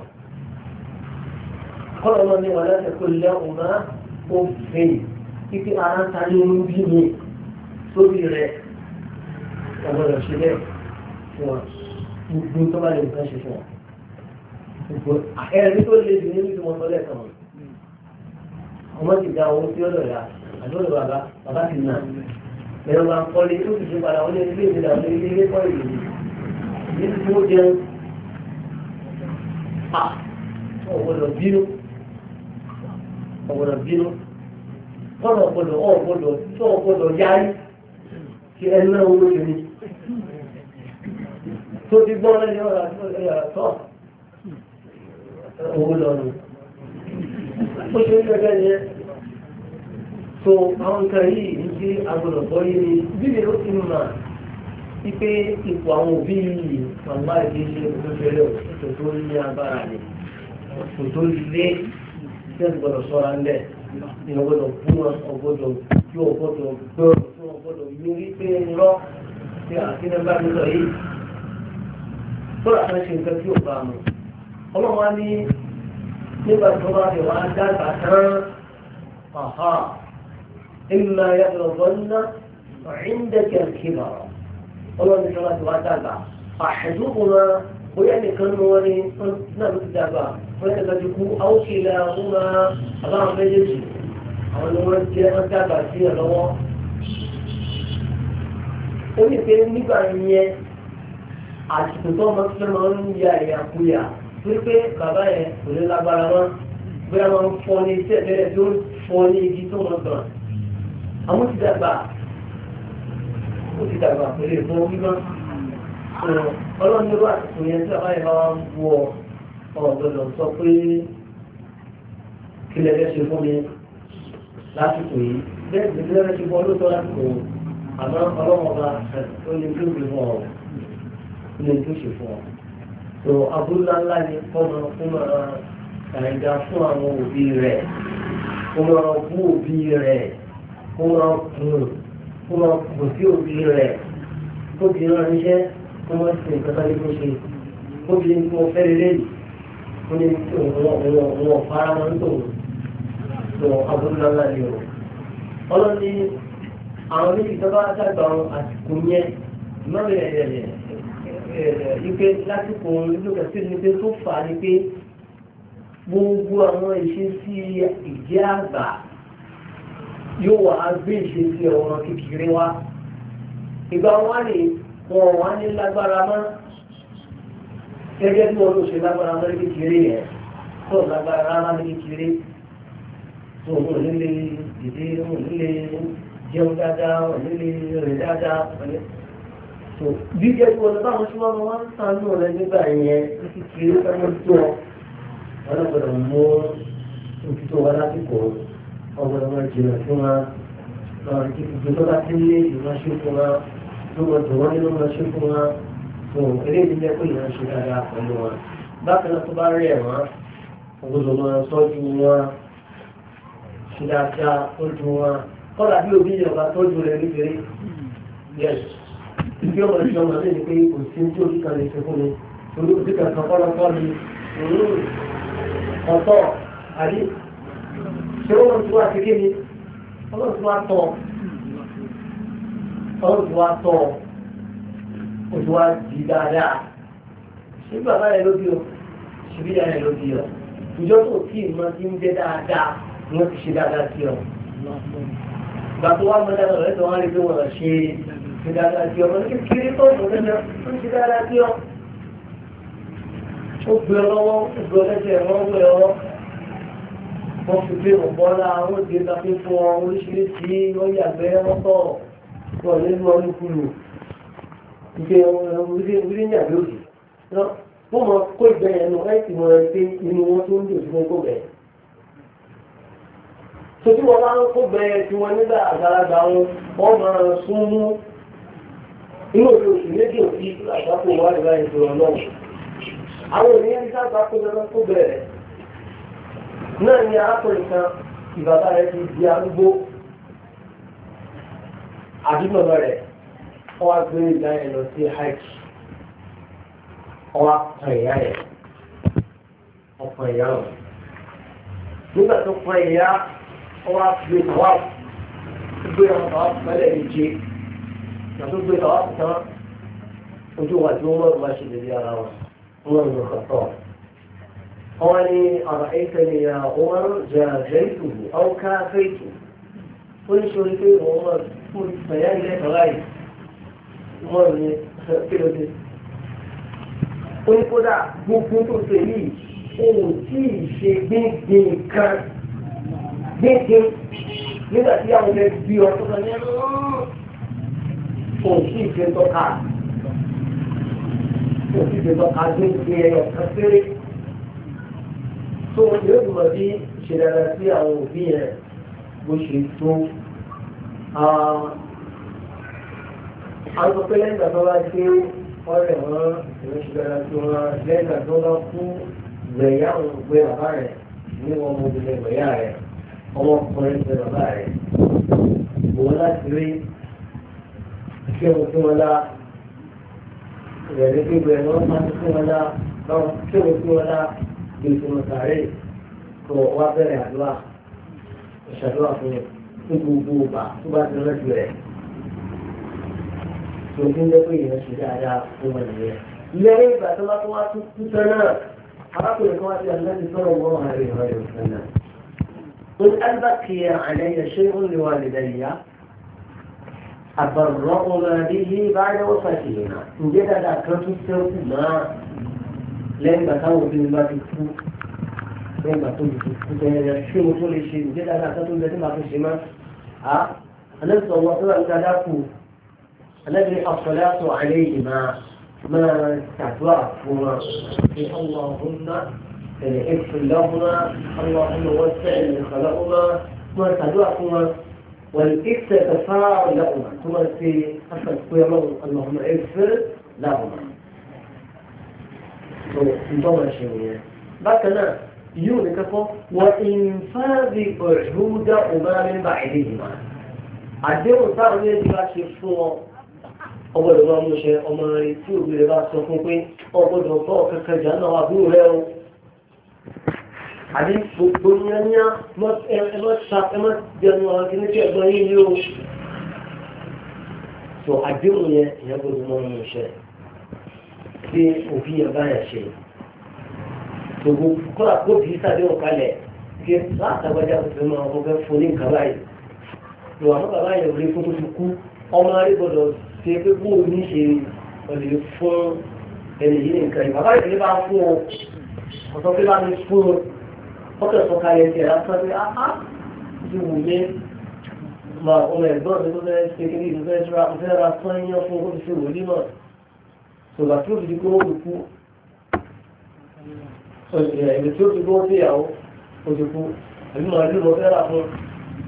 kọ́lọ̀ náà ní wàlẹ́ ẹ̀kọ́ ilé ọ̀nà ó fẹ́ títí ara ta ní oyún bí mi sórí rẹ̀ ọ̀gbọdọ̀ ṣe bẹ́ẹ̀ fún wa gbogbo tó bá lè nǹkan ṣe fún wa ẹ̀rí tó lè dì nínú ìtumọ̀ sọ́lẹ̀ kan ọmọ ti da owó sí ọ̀dọ̀ ya àdúrà bàbá bàbá ti nà ẹ̀rọ bá ń kọ́lé tó ti padà wọlé ilé ìdílé àwọn ilé ilé kọ́ ìlú nínú tí ó jẹun ọ̀gbọ̀dọ̀ bínú ọ̀gbọ̀dọ̀ bínú kọ́nà ọ̀gbọ̀dọ̀ ọ̀gbọ̀dọ̀ tó ọ̀gbọ̀dọ̀ yáyí kí ẹnu náà wúlò ni tó ti gbọ́ lẹ́yìn ọ̀rọ̀ àti owó lọ ni ó ṣe ń gẹ́gẹ́ yẹn so àwọn nǹkan yìí ń gbé agbọ̀dọ̀gbọ́ yìí ni bíbí ó ti mà wípé ipò àwọn òbí yìí màmá ìdí ṣe òṣèlú ètò tó ní agbára ni ètò tó lé tí wọ́n ti gbọ́dọ̀ sọ́ra ń bẹ̀ ni wọ́n gbọ́dọ̀ bú wọn ọgbọ́dọ̀ yóò ọgbọ́dọ̀ gbọ́ wọn gbọ́dọ̀ yórí pé ń rọ́ sí àti nígbà tó sọ yìí tó rà kan ṣe nǹkan tí ò bá mu. ọlọ́wọ́ ní nígbà tó bá lè wá dàgbà tán ọ̀há ìmọ̀ ẹ̀rọ̀gbọ́ ńlá ọ̀hìndẹ̀kẹ̀ kìlọ̀ ọlọ́wọ́ ní sọ́wọ́ ti wá dàgbà àṣẹ̀dúkù máa bóyá nìkan ní wọ́n ní náà ló ti dàgbà bóyá nìkan ti kú áwòkè ilẹ̀ àwọn máa àbáwọn méjèèjì àwọn ni wọ́n jẹ́ wọ́n dàgbà sí ẹ̀ lọ́wọ́ ó ní pé nígbà yẹn àsìkò tó ọmọ tó máa ń ya ẹ̀yà kúyà torí pé bàbá yẹn kò ní lágbára mọ́ bóyá wọn ń fọ́ ní iṣẹ́ ìbẹ̀rẹ̀ tó ń fọ́ ní igi tó wọn gbọ̀n àwọn ti dàgbà ó ti dàgbà pẹ̀lú ìfún wíwọ́n ọlọ́run ní wà tó yẹn tí bàbá yẹn bá wọn wú ọ ọ̀dọ́dọ̀ sọ pé kí lẹ́gbẹ́ ṣe fún mi lásìkò yìí bẹ́ẹ̀ ni kí lẹ́gbẹ́ ṣe fún ọlọ́tọ́ lásìkò àmọ́ ọlọ́run ọba ó ní tó ṣe fún ọ tó abúlá ńlá ni fọmọ fún ẹ̀ẹ́dá fún àwọn òbí rẹ̀ kó máa bú òbí rẹ̀ kó máa kùn kó máa kùn sí òbí rẹ̀ kó bí ránṣẹ́ kó máa sì nǹkan bá ní kó ṣe kó bí ní kó fẹ́ lélẹ́yìí kó ní òun ọ̀fara máa ń tòun tó abúlá ńlá ni o. ọlọ́ni àwọn méjì tó bá dàgbà àsìkò yẹn lọ́rẹ̀ ẹ̀yẹ̀yẹ̀ Eh, ipe lásìkò lókè sí ni pé tó fà á ni pé gbogbo àwọn ìṣesí ìjẹ́ àgbà yóò wá gbé ìṣesí ọmọ kékeré wá ìgbà wọn lè wọn wá ní lágbára mọ́ gẹ́gẹ́ bí wọn ló ṣe lágbára mọ́ kékeré yẹn tó lágbára rárá ní kékeré tó wọn nílé dìde wọn nílé jẹun dáadáa wọn nílé rẹ̀ dáadáa wọn nílé bí jẹ́ tí wọ́n lọ báwọn ṣúwọ́n mọ́ wọ́n ń sàánú rẹ̀ nígbà yẹn títí tí ó fẹ́ mọ́ tó ọ wọ́n gbọ́dọ̀ mú òtítọ́ wa lásìkò ọgbọ́dọ̀ wọn jìnà fún wa lọ́rọ̀ kí gbogbo tó bá ti ń lé ìránṣẹ́ fún wa tó wọ́n tó wọ́n nínú ìránṣẹ́ fún wa tó eré ní jẹ́ pé ìránṣẹ́ dáadáa pẹ̀lú wa bákan náà tó bá rí ẹ̀ wọ́n ọgbọ́dọ̀ wọn tọ́jú wọn ṣe dáadáa tọ́jú wọn kọ́lá bí òbí ìjọba tọ́jú rẹ̀ nítorí yẹ́sù ibi ọmọ ìṣọ́ ọmọ lè ní pé kò sí tí oṣù kan lè ṣe fún mi torí oṣù kan kan kọ́lọ́kọ́ mi ọ̀tọ̀ àdé ṣé ó wọ́n ti wá sí kéde ọlọ́run ti wá tọ̀ ọlọ́run ti wá tọ̀ oṣù wa di dáadáa ṣé bàbá rẹ ló bí o ṣe bí dáadáa ló bí o ìjọ tó kí ìmọ̀ ti ń jẹ́ dáadáa ni wọ́n ti ṣe dáadáa sí ọ. gbàtọ́ wa mọ dáadáa lọ́dọ̀ wọn rí pé wọ́n ṣe é ṣe dáadáa sí ọmọ ní kiri tó mú nínú ó ṣe dáadáa sí ọ. ó gbé ọlọ́wọ́ ó gbé ọlẹ́sẹ̀ wọ́n wé ọ. wọ́n fi gbé ọ̀bọ́lá wọ́n gbé tafi fún ọ oríṣiríṣi wọ́n yàgbẹ́ wọ́n tọ̀ wọ́n nínú ọdún kúlù. ìgbé orí ní àbí òkè. wọ́n mọ kó ìgbẹ́ yẹn nù láì sì mọ ẹ pé inú wọn tó ń dùn sí kó bẹ̀. sojú wọn bá ń kó bẹ tiwọn nígbà àgbàlagbà wọn wọn máa sún mú inú òfin oṣù méjì òbí àgbákò wà lè báyìí tó lọ náà àwọn ènìyàn ní sábà kó lọ́dọ́ tó bẹ̀rẹ̀ náà ni arákùnrin kan ìbàbá rẹ̀ ti di arúgbó àdúgbò rẹ̀ wọ́n á gbé ìgbà yẹn lọ sí hajj wọ́n á pa ìyá yẹn ọ̀pọ̀ ìyá rẹ̀ nígbà tó pa ìyá wọ́n á gbé tàwa gbé ọmọ tàwa pẹ́lẹ́ ìje tó gbé tàwa tán ojú wa tí wọ́n máa ṣe lè rí ara wọn wọ́n ń lọ kàtọ́. wọ́n ní ọ̀rọ̀ ẹ̀kẹ́ ni àwọn jẹ̀rẹ̀ ìtù ọ̀ká fẹ́ẹ̀tù ó ní sọ pé wọ́n máa fún ìpẹ̀yà ilẹ̀ tọ́lá yìí wọ́n ní kí ló dé. ó ní kódà gbogbo tó ṣe yìí ohun tí ì ṣe gbíngbìn kan gbíngbìn nígbà tí àwọn ọmọ ẹgbẹ́ bí ọ òkì ìfẹ́tọ́ka òkì ìfẹ́tọ́ka ní ìgbé ẹyọ kan péré tó yóò dùn bí ìṣẹ̀lẹ̀ rẹ̀ sí àwọn òbí rẹ̀ bó ṣe tó àwọn sọ pé lẹ́yìn ìgbà tó bá dé ọ̀rẹ́ wọn ìrẹsìgbẹ̀rẹ̀ tó wọn lẹ́yìn ìgbà tó bá kú gbẹ̀yà òun gbé bàbá rẹ̀ ní ọmọbìnrin gbẹ̀yà rẹ̀ ọmọkùnrin gbé bàbá rẹ̀ òun láti rí kírun sí wọn lára ìrẹ̀lẹ̀ tó bẹ̀rẹ̀ wọn máa ń sí wọn lára báwọn kírun sí wọn lára bí ìṣòro sàárè kọ wá bẹ̀rẹ̀ àdúrà ìṣàdúrà fún yẹn ní gbogbo ọba tó bá ti rẹ́ jù rẹ̀ tó ní lẹ́kọ̀ọ́ ìyẹn ṣe dáadáa fún wọn nìyẹn. lẹ́yìn ìgbà tó bá tó wá tún tán náà arákùnrin kan wá sí àlùfáàdì sọ̀rọ̀ wọn àrẹ ìrọ̀lẹ́ òfin náà. قل أن بقي علي شيء لوالدي أبرأنا به بعد وفاتهما نجد هذا أكرته السوق ما لما تاو في ما تكفو لما تكفو شو مطول شيء نجد هذا أكرته الذي ما في شما ها أنا صلى الله عليه وسلم داكو الذي الصلاة عليه ما ما تعتوافهما في اللهم يعني اغفر لهما اللهم وسع لخلقهما ما تعتوافهما والإكس تفاعل لهما هو في أصل كويرو اللهم إكسر لهما انتظر الشيء بكنا يوني كفو وإنفاذ أعهود أمام بعدهما عدير صار ليدي باشي فو أول الله مشي أمامي تيو بلي باشي فوقين أبو دوطوك كجانا وابو هيو àbí gbogbo yányá ẹmọ jẹnu àwọn kìíní tí ẹ̀gbọ́n yìí yóò sọ àdéhùn yẹn ìyẹn gbogbo mọ ọmọ ìṣẹ tí òbí yẹn bá yẹn ṣe gbogbo kọ́ra kó bí sàdéhùn kalẹ̀ kí látàgbàjá òfin máa wọ́n fẹ́ fún ní nǹkan báyìí lọ àwọn bàbá yẹn rí fún tó fi kú ọmọ rẹ gbọ́dọ̀ ṣe pé kó o ní ṣe ọlẹ fún ẹni yìí nǹkan yìí bàbá yẹn bá fún ọ ọ̀sán pé ọkọ̀ ìfọ̀kalẹ̀ ti ẹ̀rá sọ pé áá ju wù mí ma ọmọ ẹ̀gbọ́n mi tó fẹ́ ṣe kí ní ìfẹ́ ra fẹ́ ra sọ yíyan fún ó fi ṣe wòlí náà ṣùgbà tí ó fi di kó ó kú ìrìn tí ó fi kó ó fìyàwó ó ti kú àbí màálù mo fẹ́ rà fún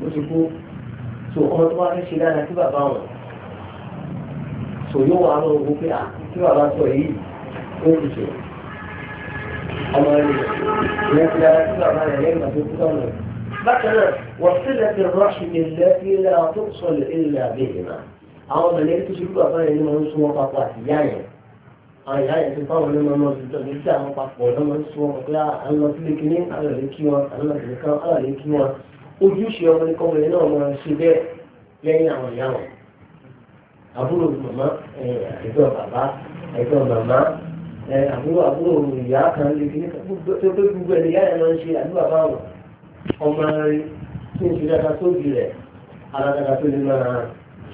ó ti kú so ọmọ tó bá fẹ́ ṣe dáadáa sí bàbá wọn so yóò wà á lọ wò pé à ah, tí bàbá sọ yìí ó ti ṣe ọmọ rẹ̀ ìyẹn ti ara sí bàbá rẹ̀ lẹ́yìn àti òkúta ọ̀nà. bákan náà wọ́n sílẹ̀ ti rọ́ọ̀ṣì lè lẹ́ ilẹ̀ tó sọlẹ̀ ilẹ̀ àbẹ̀yìnà àwọn ọmọ rẹ̀ tó ṣe kú bàbá rẹ̀ ní máa ń sún wọn papọ̀ àti ìyá yẹn àwọn ìyá yẹn ti fáwọn onímọ̀ náà ti tọ́jú sí àwọn papọ̀ ọ̀dọ́ máa ń sún wọn pé alọ́sílẹ̀ kínní alọ́lẹ̀ kí wọn alọ́sílẹ̀ kí wọn ojúṣe ọmọ ní àbúrò àbúrò ìyá kan lè fi tó pé gbogbo ẹni yára máa ń ṣe àdúrà báwọn ọmọ rẹ tó ń fi dáadáa tó bì rẹ alágbára tó lè máa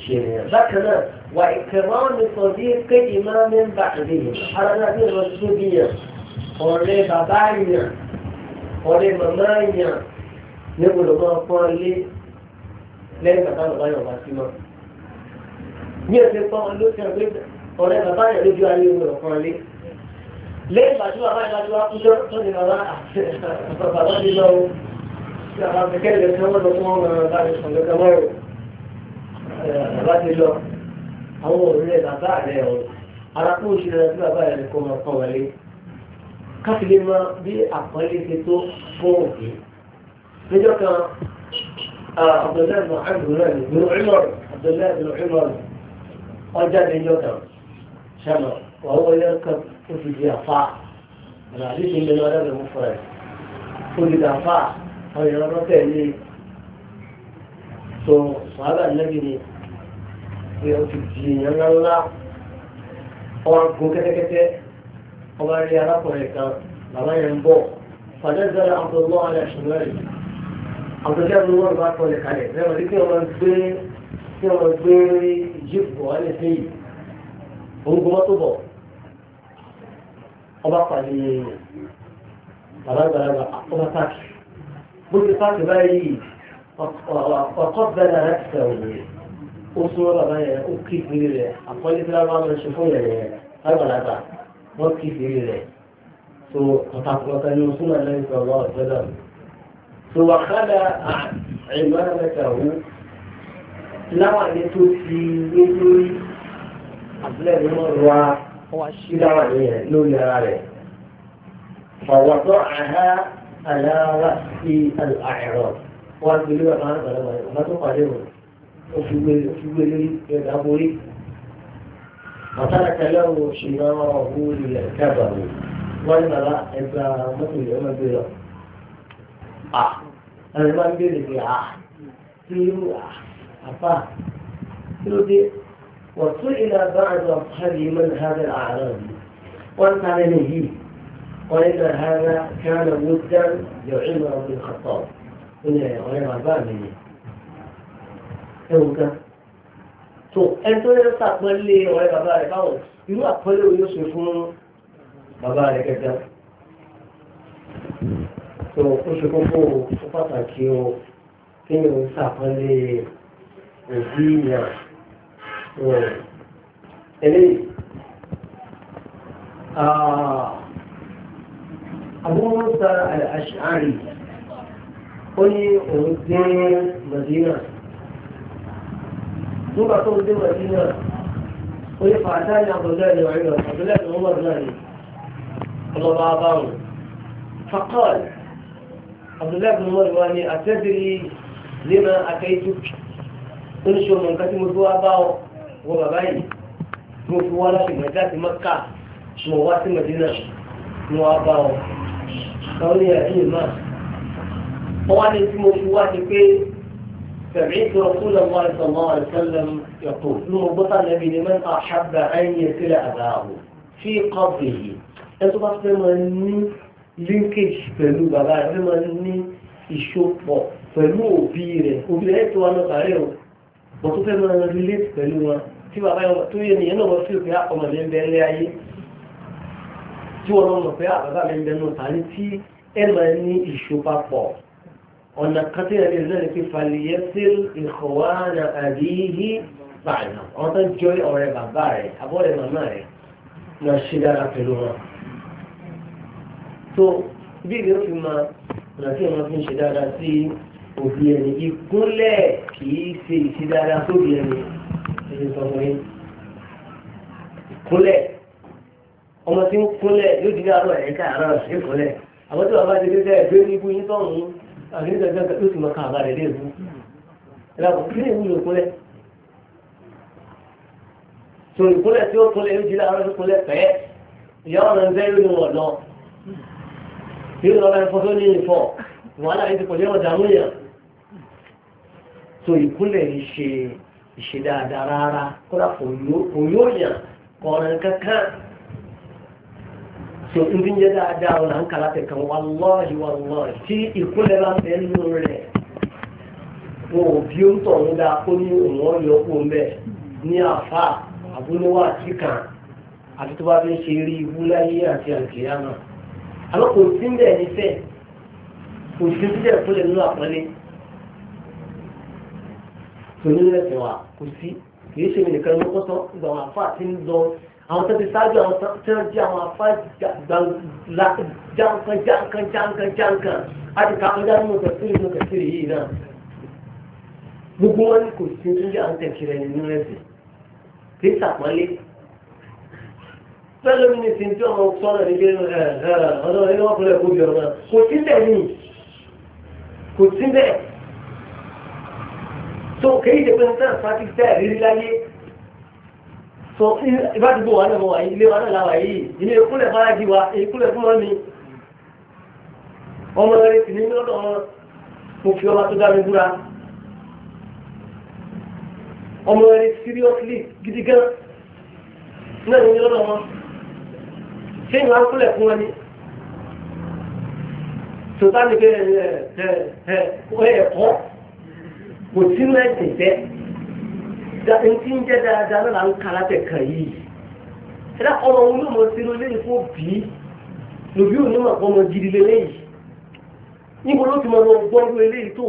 ṣe nìyẹn. bákan náà wà ìkẹ̀wá mi sọ bí kéjì máa ń bá àdéhùn alágbára tó lọ sí bí yàn ọ̀rẹ́ bàbá yàn ọ̀rẹ́ màmá yàn ní gbọdọ̀ máa pọ́n lé lẹ́yìn bàbá bàbá yàn wá sí náà. bí ẹ pọ́n ló ti ọ̀rẹ́ bàbá yàn lójú ayé wọn lọ́kàn lé lẹ́yìn ìgbà tí bàbá ìlàjú wa kú tó ní bàbá bàbá ní lọ o tí àwọn akẹ́kẹ́ ilẹ̀ tí wọ́n lọ fún ọmọ bàbá rẹ̀ sọ̀rọ̀ lọ́wọ́ o bàbá ti lọ àwọn òrìlẹ̀ bàbá rẹ̀ o arákùn òṣèlú rẹ̀ tí bàbá rẹ̀ kọ́ máa kọ́ wọlé káfílẹ̀ mọ bí àpọ́nlé ti tó fún òkè níjọ́ kan Abdullahi bin Abdullahi bin Umar Abdullahi bin Umar ọjà níjọ́ kan ṣàmọ̀ wàá wọlé kan ó di àfa ọ̀nà àdéhùn lẹ́nu ọlọ́run mú fún ẹ̀ di àfa àwọn èèyàn lọ́dọ́ tẹ̀lé tó wàhálà lẹ́bi ni pé ó ti di èèyàn ńláńlá ọwọ́ gun kẹ́tẹ́kẹ́tẹ́ ọba rí arákùnrin kan bàbá yẹn ń bọ̀ fàdézẹ́lá àbúrò alẹ́ ṣùgbọ́n àbúrò lọ́wọ́ bá kọ́lé kalẹ̀ lẹ́nu rí kí wọ́n gbé kí wọ́n gbé jíìpù wọ́n lè fi yìí òun gbọ́ tó bọ̀ ọba pàdé àbágbàlagbà ọba táàkì bó ti táàkì báyìí ọkọ̀ bẹ́ẹ̀ rẹ̀ tẹ̀ òwe ó súnmọ́ bàbá yẹn ó kí ìpínlẹ̀ rẹ̀ àpọ́lé tí wọ́n máa ń ṣe fún yẹn àgbàlagbà wọ́n kí ìpínlẹ̀ rẹ̀ tó ọ̀tàkùnọ̀tà ni oṣù náà lẹ́yìn tó wọ́n ọ̀tọ́ dà tó wà kálá ìmọ̀lẹ́kẹ̀wò láwọn àyè tó ti wé ọwà ṣíra rẹ̀ lórí ara rẹ̀ ọ̀wọ̀tọ́ àhá alára sí àìrọ̀ wọ́n ti lé ọ̀nà àgbàlagbà ọ̀nà tó pàdé wọn oṣù gbé lórí ẹ̀dá borí àtàràkà lọ́wọ́ ṣìnà ọ̀hún ilẹ̀ kábàáwò wọ́n ní bàbá ẹgbà mọ́tò ìyẹn máa gbé lọ. ẹ̀rọ máa ń béèrè pé àá tí ó àpá tí ó dé وسئل بعض اصحابه من هذا الاعرابي وانت على نهيه وان هذا كان مدا لعمر بن الخطاب قلنا يا غير البابي تو انتو لا تقبل لي غير البابي قال يو اقبلوا يوسف بابي كذا تو قلت لكم فقط كيو كيو يسافر لي الدنيا eléyìí àwọn ọmọ sa àṣàárì ó ní òun gbé Madina nígbà tó ń gbé Madina ó ní fàájá ní àbọ̀dá ìlú àríwá àbọ̀dá ìlú ọmọ náà ni ọlọ́ba abáwọn فقال عبد الله بن مروان أتدري لما أتيتك انشر من قسم الدعاء wọ́n bàbá yìí tí mo fi wá láti mẹ́ta ti mọ́ká tí mo wá sí mẹ́dínà tí mo wá bá ọ káwọn ní ẹ̀yìn náà wọ́n wá ní tí mo fi wá ti pé سمعت رسول الله صلى الله عليه وسلم يقول المربطة النبي لمن أحب أن يسل أباه في قبره ẹtọ́ bá fẹ́ máa ní linkage pẹ̀lú bàbá rẹ̀ fẹ́ máa ní ìṣopọ̀ pẹ̀lú òbí rẹ̀ òbí rẹ̀ tó wà lọ́kàrẹ́ o bọ̀ tó fẹ́ máa relate pẹ̀lú wọn tí bàbá yẹn tó yẹ nìyẹn náà wọ́n fi òfin ah, ọmọ mi ń bẹ ńlẹ́ ayé tí wọ́n mọ̀ pé ah, àbábá mi ń bẹ náà tàbí tí ẹ máa ní ìṣòpa pọ̀ ọ̀nà kan tí yẹn lè lẹ́nu pé falẹ̀yẹ sí ìkọ̀wá na àdìyí bàánà àwọn tó jọ ọ̀rẹ́ bàbá rẹ̀ àbọ̀rẹ́ màmá rẹ̀ náà ṣe dára fi máa ọ̀nà tí wọ́n fi ń ṣe dára sí òbí ẹni ìkúnlẹ̀ kì í ṣe ìṣe dára sóbí ní sọ fún yín kúnlẹ̀ ọmọ tí ń kúnlẹ̀ yóò di ní àárọ̀ ẹ̀ka àárọ̀ ẹ̀ kúnlẹ̀ àwọn tí bàbá ti dédé ẹgbẹ́ ní ibú yín tọ̀hún àti ní gbẹgbẹ yóò sì máa ka àbá rẹ̀ léèbú ìlànà kí ni ìwúlò kúnlẹ̀ tó ìkúnlẹ̀ tí ó kúnlẹ̀ yóò di ní àárọ̀ ìkúnlẹ̀ pẹ́ ìyá ọ̀nà ń bẹ́ lórí wọn lọ yóò lọ bá ẹ̀fọ́ tó ní ìfọ̀ wàhálà yìí ti pọ̀ ìṣe dáadáa rárá kódà kò a yàn kọ̀ọ̀rọ̀ kankan tó ń bí jẹ́ dáadáa kan ń kàlá tẹ̀kan wallahi wallahi tí ìkúnlẹ̀ bá ń bẹ nínú rẹ̀ wọn ò bí ó ń tọ̀ ń n'i kó ní òun ọ̀yọ́ kó ń bẹ̀ ní àfà àbúníwá tòní lẹ́sẹ̀ wa kò sí kìí ṣe mi nìkan ló kọ́ sọ gbogbo àwọn afá àti ń lọ àwọn tó ti ṣáájú àwọn tó ń jẹ́ àwọn afá jankan jankan jankan jankan àti kàkọjá nínú kẹsìrì nínú kẹsìrì yìí náà gbogbo wọn ni kò sí ní ilé àwọn tẹ̀sí rẹ̀ nínú ẹ̀sìn kìí ṣàpọ́nlé pẹ́lú mi ní ti ń tí ọmọ sọ́nà nígbẹ́ ọ̀dọ́ ẹni wọ́n fọlọ́ ẹ̀kọ́ bí ọ̀rọ̀ kò sí bẹ́ẹ̀ ni kò sí bẹ́ẹ̀ tó kéyìí dé pé náà sáà ti fẹ́ rírí láyé sọ ìbádùgbò wa náà wà yìí ilé wa náà làwà yìí ilé ìkúnlẹ̀ fara jì wa ìkúnlẹ̀ fún wọn ni ọmọ rẹ sì ní lọ́dọ̀ wọn mo fi ọmọ tó dá mi búra ọmọ rẹ seriously gidi gan náà ní lọ́dọ̀ wọn ṣé ìwà ìkúnlẹ̀ fún wọn ni tòtá ni pé ẹ ẹ ẹ ẹ ẹ ẹ̀kọ́. kò sínú ẹ̀sìn bẹ́ẹ̀ ntí ń jẹ́ dáadáa nkara ń kala tẹ̀ kàn yìí ẹ̀dá ọmọ òun ló mọ sínú lẹ́yìn fún bí lòbí òun ló mọ̀ pọ̀ mọ gidi lẹ́yìn níbo ito ti mọ lọ lele eléyìí tó ń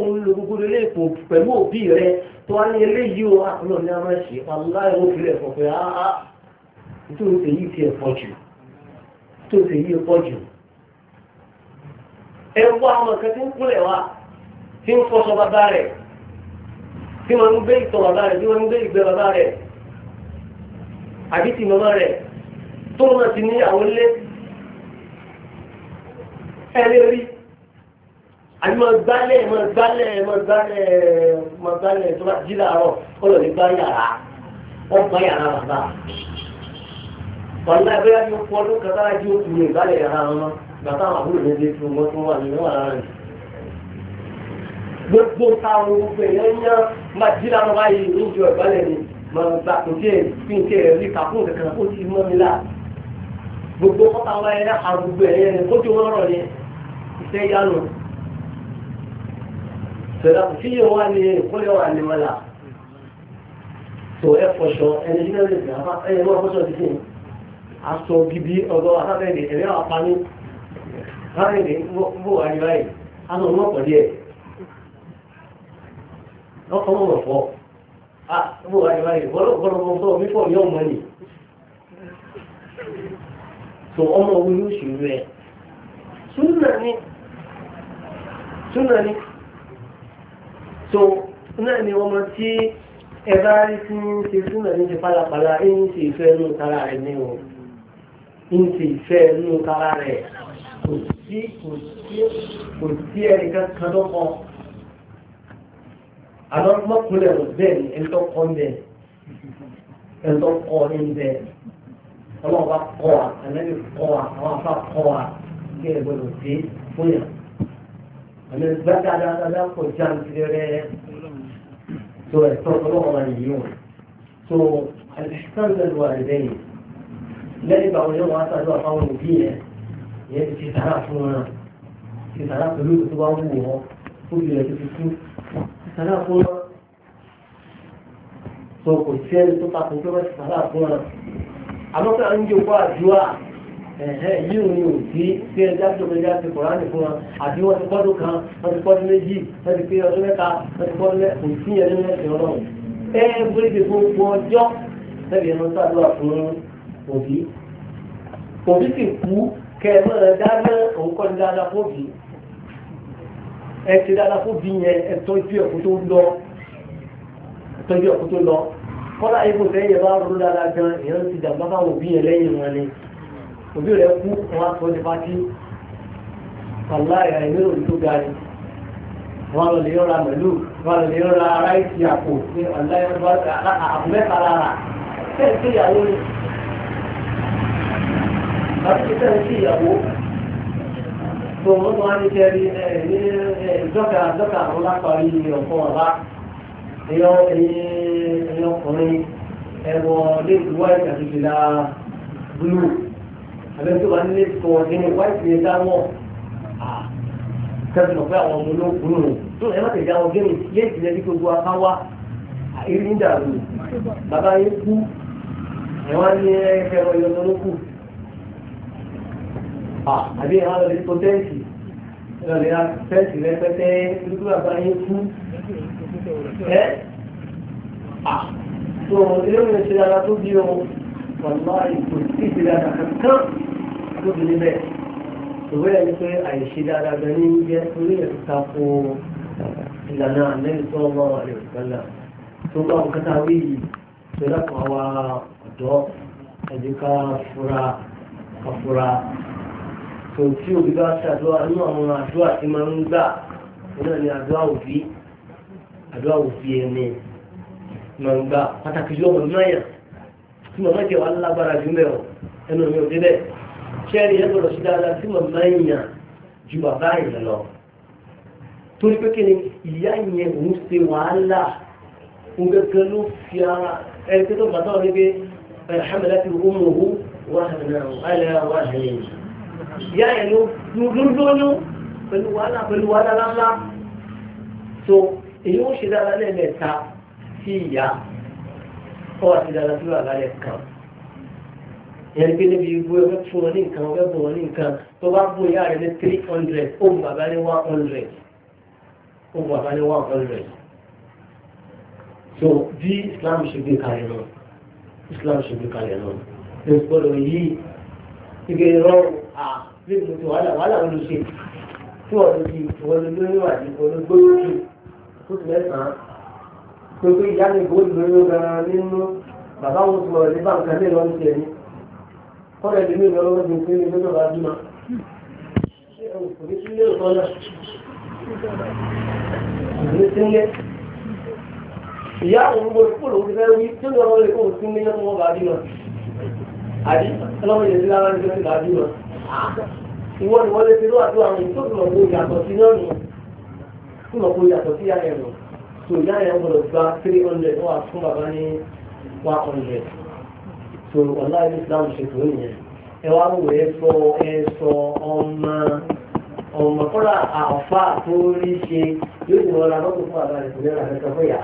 o àkọlọ ní a máa ṣe aláì fi lẹ̀ fọ̀ aa áá tó se yi ti ẹ tí wọ́n ń gbé ìtọ̀ bàbá rẹ̀ tí wọ́n ń gbé ìgbẹ́ bàbá rẹ̀ àbí ti màmá rẹ̀ tó wọ́n ti ní àwọn ilé ẹ̀rẹ́ rí àbí máa gbálẹ̀ máa gbálẹ̀ máa gbálẹ̀ máa gbálẹ̀ tó bá jí làárọ̀ kó lọ lè gbá yàrá wọ́n gbá yàrá bàbá wàlúwà bẹ́ẹ̀ ni ó pọ̀ ọdún kan sára jí ó kù ìgbálẹ̀ yàrá wọn bàtà àwọn àbúrò méje fún wọn tó wà nínú àárín gbogbo táwọn gbogbo èèyàn yán máa jí lánàá báyìí níjọ ìbálẹ̀ ni màá gbà kò tí ì fi ń kẹ́ ẹ̀ rí kàkún kankan ó ti mọ́ mi lá gbogbo kọ́ta wa yẹn náà àgbogbo ẹ̀yẹ ni kójú wọn rọ̀ ni ìfẹ́ yánu tẹ̀lá kò sí yẹn wá ní ìkólẹ̀ wà ní mọ́lá tó ẹ fọṣọ ẹni yìí lè fi àbá ẹni wọn fọṣọ ti fún aṣọ gidi ọgọ afẹ́fẹ́ ẹ̀rí àwọn apani láàrin ní bó wà ní báyìí aṣọ wọn pọ̀ díẹ̀ lọ́kọ́ mọ̀ fọ́ ah mo wà ní báyìí bọ́lọ́bọ́lọ́ mo sọ mi fọ́ ń ṣe súnà ní ṣe pálapàla ń ṣe ìfẹ́ nù tara rẹ̀ ní o ń ṣe ìfẹ́ nù tara rẹ̀ kò sí kò sí kò sí ẹnìkan kan tó kọ́ àlọ́ mọ́kúnlẹ̀ rẹ̀ bẹ́ẹ̀ ni ẹ̀ńtọ́ kọ́ ń bẹ́ẹ̀ ẹ̀ńtọ́ kọ́ ń bẹ́ẹ̀ ọlọ́run bá kọ́ wa ànábì kọ́ wa àwọn afá kọ́ wa kí ẹ gbọ́dọ̀ sí fún yàn àmì ìgbà dáadáa kò já ń tirẹ̀ rẹ̀ tó ẹ̀tọ́ ọlọ́run wa nìyí wọn tó alẹ́sán lẹ́nu wa rẹ̀ bẹ́ẹ̀ lẹ́yìn ìgbà wọlé wọn aṣáájú àfáwọn òbí yẹn ìyẹn ti sàrà fún wọn ti sàrà pẹ̀lú ìtọ́wá wù wọn fún ìrẹsì tuntun sàrà fún wọn tó kò sí ẹni tó ta kò tó bá sàrà fún wọn àmọ́ pé àwọn ìjọba àdúrà yìí ni ò sí pé ẹni dájú ọmọ ẹja ti kọ̀rọ̀ fún wọn àbí wọ́n ti kọ́dún kan wọ́n ti kọ́dún méjì wọ́n ti pé ọdún mẹ́ta wọ́n ti kọ́dún mẹ́ta kò sí ẹni mẹ́sìn ọlọ́run ẹ gbé gbogbo ọjọ́ lẹ́bi ẹnu sàdúrà fún òbí òbí sì kú kẹ́ ẹ mọ̀ ẹ dáná òun kọ́ni dáadáa fún òbí ẹ ti dára fún bí yẹn ẹ tọ́jú ẹ̀kú tó lọ tọ́jú ẹ̀kú tó lọ kọ́lá ibò sẹ́yìn yẹn bá rú dára gan èèyàn ti dàgbà báwọn òbí yẹn lẹ́yìn wọn ni òbí rẹ̀ kú wọn á sọ ní pátí aláì àìní òbí tó ga ni wọn lọ lè yọra mẹ́lú wọn lọ lè yọra ara ìsì àpò ní aláì àmẹ́ta lára tẹ́ǹtì ìyàwó ni tó wọ́n tó wá ní kẹrí ní ìjọ́kà ìjọ́kà àwọn lápárí ọ̀pọ̀ ọ̀la ẹ̀yọ ẹ̀yìn ọkùnrin ẹ̀wọ̀ léèkì white àti ìlà blue àbẹ́ tó wà nílé tó ní white ní dáwọ̀ kẹ́sì lọ́pẹ́ àwọn ọmọ ológun nù tó ẹ má tẹ̀lé àwọn gẹ́mì léèkì lẹ́bí gbogbo apá wa ìrìn bàbá yẹn kú ẹ̀wọ̀n ní ẹ̀kẹ́ ọ̀yọ́ tó ló Ah, àbí àwọn ọ̀rẹ́ tó tẹ́ǹtì ìrọ̀lẹ́ tẹ́ǹtì rẹpẹtẹ irúgbó àgbáyé fún ẹ́ tó ilé ìwé ṣe dára tó bí ohun wàlúwà ìkò sí ìṣẹ̀lẹ̀ dia nak bí níbẹ̀ ìwé ẹni pé àìṣe dára gan ní jẹ́ orí ẹ̀ tako ìlànà àmẹ́rin tó ọmọ rẹ̀ pẹ̀lá tó bá wọn kátà wí yìí tó dákọ̀ àwa ọ̀dọ́ ẹ̀dí ká fura ká fura tòun tí òbí bá ṣàdúrà nínú àwọn àdúrà tí máa ń gbà nínú ní àdúrà òbí àdúrà òbí ẹni máa ń gbà pàtàkì jù ọmọ náà yàn tí màmá jẹ wàá lágbára jù mẹ́ọ̀ ẹnu mi ò débẹ̀ ṣẹ́ẹ̀rì yẹn gbọ́dọ̀ sí dáadáa tí màmá yàn ju bàbá yàn lọ torí pé kí ni ìyá yẹn òun ṣe wàhálà òun gẹ́gẹ́ ló fi ara ẹni tó tó bàtà wọn ní pé alhamdulilayi ti wọ́n mọ̀ wọ́n wàhálà wàhálà wàhálà yẹn ìyá ẹ̀ ló lóyún pẹ̀lú wàhálà pẹ̀lú wàhálà láńlá so èyí ó ṣe dára lẹ́ẹ̀mẹ́ta sí ìyá ọ àti dára sí wàhálà rẹ̀ kan ìyẹn pé níbi igbó ẹgbẹ́ fún wọn ní nǹkan ọgbẹ́ bọ̀ wọn ní nǹkan tó bá bó ìyá rẹ̀ ní three hundred ó mú bàbá ní one hundred ó mú bàbá ní one hundred so bí Islam ṣe gbé kalẹ̀ náà Islam ṣe gbé kalẹ̀ náà ẹ gbọ́dọ̀ yí ìgbẹ́ rọrùn bí mo ti wàhálà wàhálà wọn ló ṣe tí wọn ló di wọn ló lóyún àti wọn ló gbóyún sí tó ti mẹ́sàn-án tó pé ìyá mi kò lóyún gan-an nínú bàbá wọn ti wọlé bá nǹkan mìíràn ń tẹ̀lé kọ́lẹ̀ lèmi ìrọ̀lọ́wọ́ ti pé ní lọ́jọ́ bá dúmọ̀ ṣé ẹ̀ kò ní sílé ọ̀tọ́ náà kò ní sílé ìyá òun gbogbo fún òun ti fẹ́ wí tí ó lọ́wọ́ lè kó òun sí ní lọ́wọ́ bá dúmọ̀ àdí ọlọ́wọ́ yẹn sí lára ní lọ́wọ́ bá dúmọ̀ ìwọ ni wọ́n lè fi ló àdúrà wọn tó fi mọ̀ kó yàtọ̀ sí náà nù fi mọ̀ kó yàtọ̀ sí yáyẹ̀ nù tó yáyẹ̀ ń gbọdọ̀ gba three hundred wọ́n á fún bàbá ní one hundred tó ọ̀la ilé Islam ṣe tó nìyẹn ẹ wá wò ẹ sọ ẹ sọ ọmọ ọmọ kọ́lá àfà tó rí ṣe yóò ti wọ́n la lọ́kùn fún bàbá rẹ̀ kò ní ra ẹ̀ka fún yà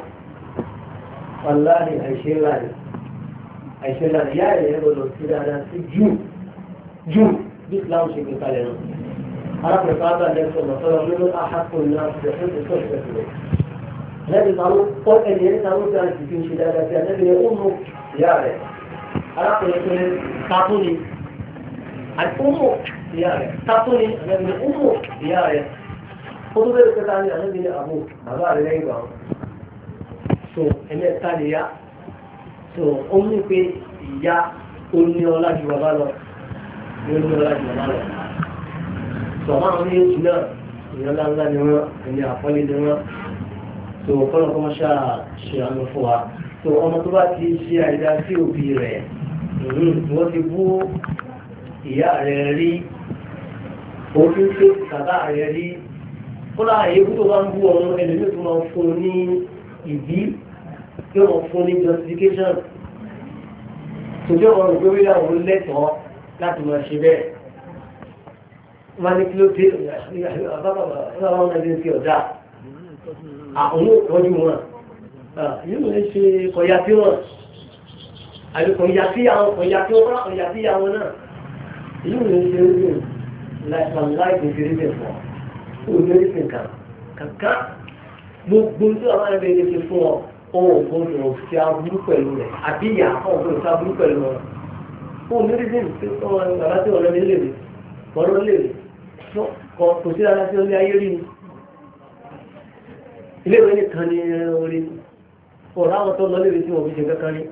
ọ̀la ni àìṣe ńlá ni àìṣe ńlá ni yáyẹ̀ ẹ gbọdọ̀ sí dáadáa sí jù jù bí islam ṣe gbé kalẹ̀ náà arákùnrin kan bá lẹ́sọ̀ lọ́sọ̀rọ̀ nínú àhàkùn náà ṣe fún ìṣọ́ ìṣẹ́sílẹ̀ lẹ́bi sàrú kọ́ ẹni ẹni sàrú fi àti fi ṣe dáadáa sí àlẹ́bi ẹ̀ ọmọ ìyá rẹ̀ arákùnrin kan tatún ni àti ọmọ ìyá rẹ̀ tatún ni àlẹ́bi ẹ̀ ọmọ ìyá rẹ̀ ó tó bẹ̀rẹ̀ kẹta ni àlẹ́bi ẹ̀ àbò bàbá rẹ̀ lẹ́yìn gbà so ẹ̀mẹ́ ta ni ya so ó ní pé ìyá ó ní ọlá ju bàbá lọ ní ojú ọlá ìjọba rẹ̀ sọ̀rọ̀ àwọn méjì náà èèyàn ńláńlá ni wọ́n èèyàn àpọ́lé ni wọ́n tó kọ́lọ̀ kọ́ ṣá ṣe àánú fún wa tó ọmọ tó bá ti ṣe àìdá sí òbí rẹ̀ wọ́n ti bú ìyá rẹ̀ rí ojú tó bàbá rẹ̀ rí kọ́lá èébú tó bá ń bú ọmọ ẹlẹ́mìí tó máa ń fún ọ̀rọ̀ ìgbéwéyàwó láti máa ṣe bẹ́ẹ̀ wọ́n ní kí ló dé ọ̀rọ̀ náà ti ọ̀dà àwọn òtọ́jú wọn yóò lè ṣe kọ̀yà tí wọ́n àbí kọ̀yà tí àwọn kọ̀yà tí wọ́n kọ̀yà tí àwọn náà yóò lè ṣe ojú láì kò ṣeré bẹ̀ fọ́ òun lórí sí nǹkan kankan gbogbo tí àwọn ẹgbẹ́ ilé ti ó ní rí bíi tí ọmọ bàbá tí ọ̀rẹ́ mi lè rí ọ̀rọ̀ lè rí kò sí ara tí ó lé ayé rí ni ilé ìwé nìkan ni orí ọ̀rọ̀ àwọn tó lọ lè rí tí wọ́n fi ṣe kankan rí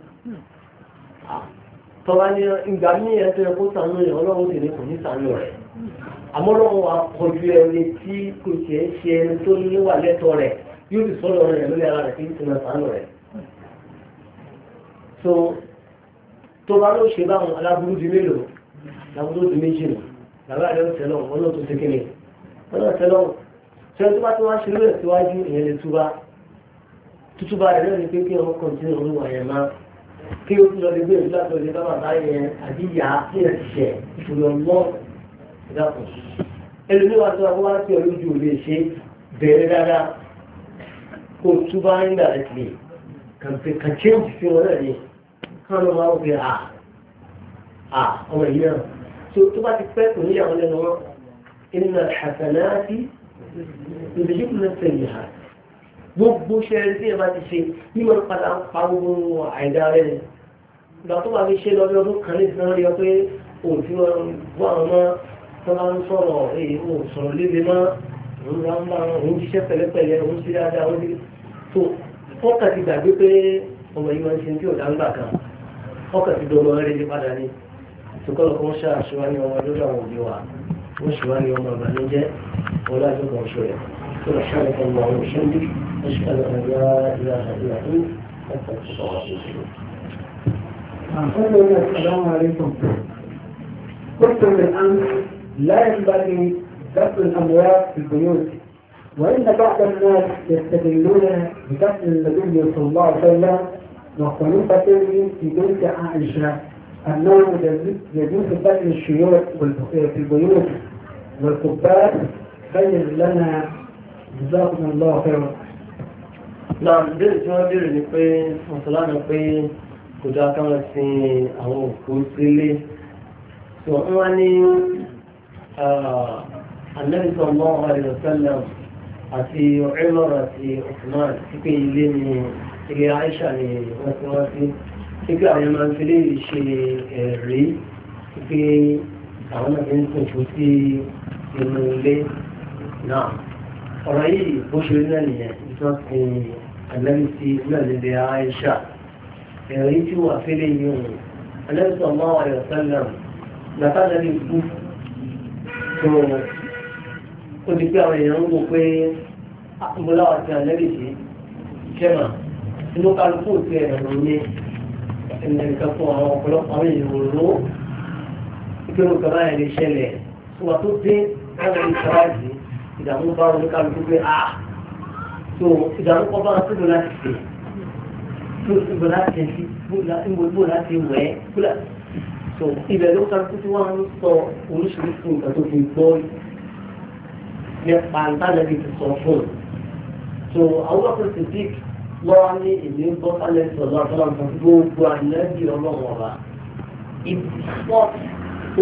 tọ́ba ní ìgbà míì ẹ̀ tó yẹ kó sànú yẹn ọlọ́run sì ní kò ní sànú rẹ̀ àmọ́ lọ́wọ́ akọjú ẹni tí kò ṣe é ṣe ẹni tó níwà lẹ́tọ̀ọ́ rẹ̀ yóò sì sọ́dọ̀ rẹ̀ lórí ara rẹ̀ kí n sinmi sànú rẹ̀ tó bá ló ṣe báwọn aláburú di mélòó aláburú di méjì nù làwọn àdéhùn tẹ́lọ̀ wọn náà tó ṣe kéde wọn náà tẹ́lọ̀ ṣé tó bá tó wá ṣe lóye síwájú ìyẹn lè túbá tútúbá rẹ̀ lẹ́nu pé kí ọmọ kan tí ó wà yẹn máa kí ó lọ lè gbé ìlú àti ọ̀lẹ́ bá bàbá yẹn àbí ìyá tí ẹ̀ ti ṣẹ̀ ìṣòro ọmọ ìdàpọ̀ ẹlòmíwá tó wá wá sí ọdún ju òde ṣe bẹ̀rẹ̀ dáadáa kó túbá ń dà lẹ́kìlì kàǹtẹ̀ kàǹtẹ̀ òfin wọn náà ni kán ló máa ń fi à à ọmọ yìí náà tó tó bá ti pẹ́ kò níyàwó lẹ́nu wọn ìnà àtànáàtì ìdè yìí kùnà sẹ́yìn hà gbogbo ṣẹlẹ̀ tí ẹ bá ti ṣe nímọ̀ padà ń pa gbogbo àìdá rẹ̀ ni ìgbà tó bá fi ṣe lọ́dún ọdún kan ní ìsinmi rí pé òun ti wọn bọ́ àwọn ọmọ tó bá ń sọ̀rọ̀ èyí ò sọ̀rọ̀ líle mọ́ òun bá ń bá òun jíṣẹ́ pẹ̀lẹ́pẹ̀lẹ́ òun ṣe dáadáa òun ti tó wọ́n ti gbàgbé pé ọmọ yìí máa ń ṣe tí ò dáńgbà kan. fọ́kà sí dodo rẹ̀ ní padà ní ìtòkọ́lù kó ń ṣe àṣewá ní ọmọ lórí àwọn òbí wa ó ṣe wá ní ọmọ ìbànújẹ́ ọlájú kan ṣe rẹ̀ tó lọ ṣáà nípa ọmọ àwọn òṣèlú bí ó ṣe kálọ̀ ọ̀gá ìlà àdúrà tó ẹ̀kọ́ ìṣọ̀rọ̀ àṣeṣe. Àkọ́lẹ̀ Assalamu alaikum. Question الآن لا ينبغي دفن الأموات في البيوت وإن بعض الناس يستدلون بكفن النبي صلى الله عليه وسلم وخليفة في بيت عائشة أنه يجوز بذل الشيوع في البيوت والكبار خير لنا جزاكم الله خيرا náà ìbéèrè tí wọ́n béèrè ni pé mùsùlùmí pé kò dáa ká máa sin àwọn òkú sílé tó ń wá ní àmẹ́ríkà mọ́ àrẹ̀lọ́sẹ́lẹ̀ àti ọ̀rẹ́mọ̀rọ̀ àti ọ̀tùmáà sí pé ilé ni ilé Aisha ni wọ́n ti wọ́n sí pípẹ́ àwọn ọmọ ìfẹ́lẹ́ ṣe ẹ̀rí pé àwọn náà fi ń sòkò sí inú ilé náà ọ̀rọ̀ yìí bó ṣe rí náà nìyẹn ìtọ́ sí àlẹ́bí sí náà nílé Aisha ẹ̀rí tí wà fẹ́lẹ́ yìí hùn àlẹ́bí mọ́ ọ̀yọ̀ sẹ́lẹ̀ nàtà lẹ́bí kú tó ó ti pé àwọn èèyàn ń wò pé ah, mo láwàá sí àlẹ́bí sí ṣẹ́mà inú kálukú ti ẹ̀rọ ní ẹnìkan fún àwọn ọ̀pọ̀lọpọ̀ àwọn ìrònú ìpinnu kan báyìí lè ṣẹlẹ̀ fún wa tó dé àwọn ìṣáájú ìdààmú bá wọn ní kálukú pé a tó ìdààmú kọ́ bá wọn síbò láti ṣe tó síbò láti ṣe bó láti wẹ̀ ẹ́ tó ibẹ̀ ló kálukú tí wọ́n ń sọ oríṣiríṣi nǹkan tó fi gbọ́ nípa ìtàlẹ́bí lọ́wọ́ ní èmi ń bọ́ sálẹ̀ sọ̀rọ̀ àtọ́lá nǹkan tí gbogbo ànábì ọlọ́run ọ̀la ìfọ́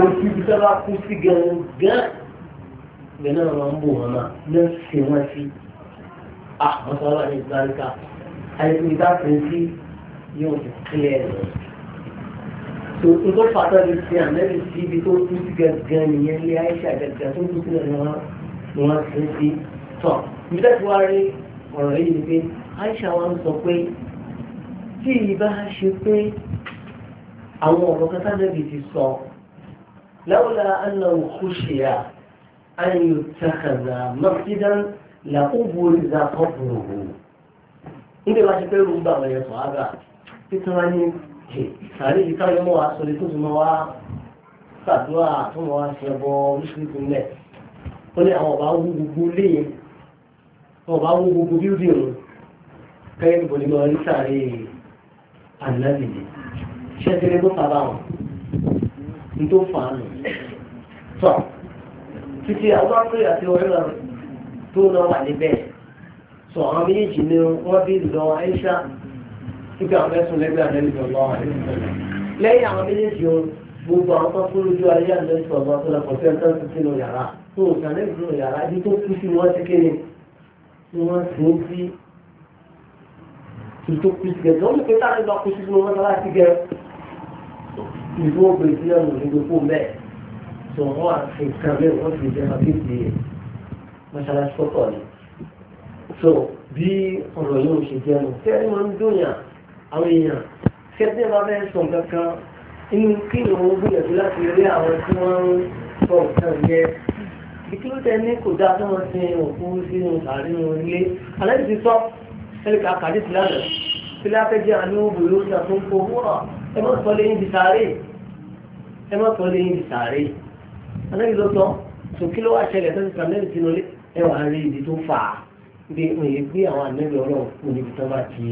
ojú ibi tó bá kú sí gangan bẹ́ẹ̀ náà máa ń bò wọn náà ló ń ṣe wọn sí àwọn sọ́lá ní ìgbàlùkà àyẹ̀kú ìta fẹ́ sí yóò fi kílẹ̀ rẹ̀ tó n tó fàtọ́ ní ti ànábì sí ibi tó kú sí gangan nìyẹn lé àyíṣà gangan tó kú sí tọ̀ Aisha wa ń sọ pé tí ìbá ṣe pé àwọn ọ̀rọ̀ kẹta lẹ́bi ti sọ láwùlá àná òkú ṣe à ayò takàdà mọ́sídán làkúbù ìzà kọ́pùrù níbi wá ṣe pé rú bá wọ̀nyẹ sọ ága títún wá ní sàárè yìí káyọ̀ mọ́ wa sọ lè tó tún mọ́ wa tó mọ́ ṣe ẹbọ oríṣiríṣi mẹ́ ó ní àwọn ọba wú gbogbo léyìn ọba wú gbogbo bíúdì òun kẹ́yìn bò ní mọ̀ ní sàárè ànábì ni ṣẹ́tẹ́lẹ́ tó fà báwọn ní tó fà á nù. tọ́ títí àwọn akérè àti ọ̀rẹ́ rẹ̀ tó náà wà níbẹ̀ sọ àwọn méjèèjì ni wọ́n bí lọ ẹ́ṣá nígbà àwọn ẹ̀sùn lẹ́gbẹ̀ẹ́ ànábì tó lọ́wọ́ lẹ́yìn àwọn méjèèjì o gbogbo àwọn tó kúrò ju ayé ànábì tó lọ́wọ́ tó lọ́kọ̀ fẹ́ tán sí sínú yàrá tó kàn tó pín sí gẹ̀ẹ́sì wọ́n lè pé táwọn ìgbà kó sínú wọn láti gẹ ìlú obìnrin sí ẹnu ìgbèkó mẹ́ẹ̀ tó wọ́n wà sí nǹkan mẹ́ẹ̀ wọ́n sì jẹ́ máa kéde mọ́ṣáláṣí pọ́pọ̀ ni. so bí ọ̀rọ̀ yóò ṣe jẹ́ nu tẹ́ ẹni wọn ń dóyàn àwọn èèyàn kẹ́tẹ́ bá fẹ́ sọ nǹkan kan inú kí ni wọ́n gbìyànjú láti rí àwọn tí wọ́n ń sọ nǹkan yẹn ìkílódé ní kò dáa tó wọn sin òkú sínú àárín ilé alẹ́ ti sọ ẹlẹ́ka àkàdìsí lánàá síláfẹ́jẹ́ àní òbò yóò ṣe àtúnkò wúrà ẹ má sọ lẹ́yìn di sàárè ẹ má sọ lẹ́yìn di sàárè anáyí ló sọ sòkí ló wà ṣẹlẹ̀ tó ti sàmì lẹ́yìn sínú ilé ẹ wà á rí ibi tó fà á bí òye gbé àwọn ànábì ọlọ́run kú níbi tó bá ti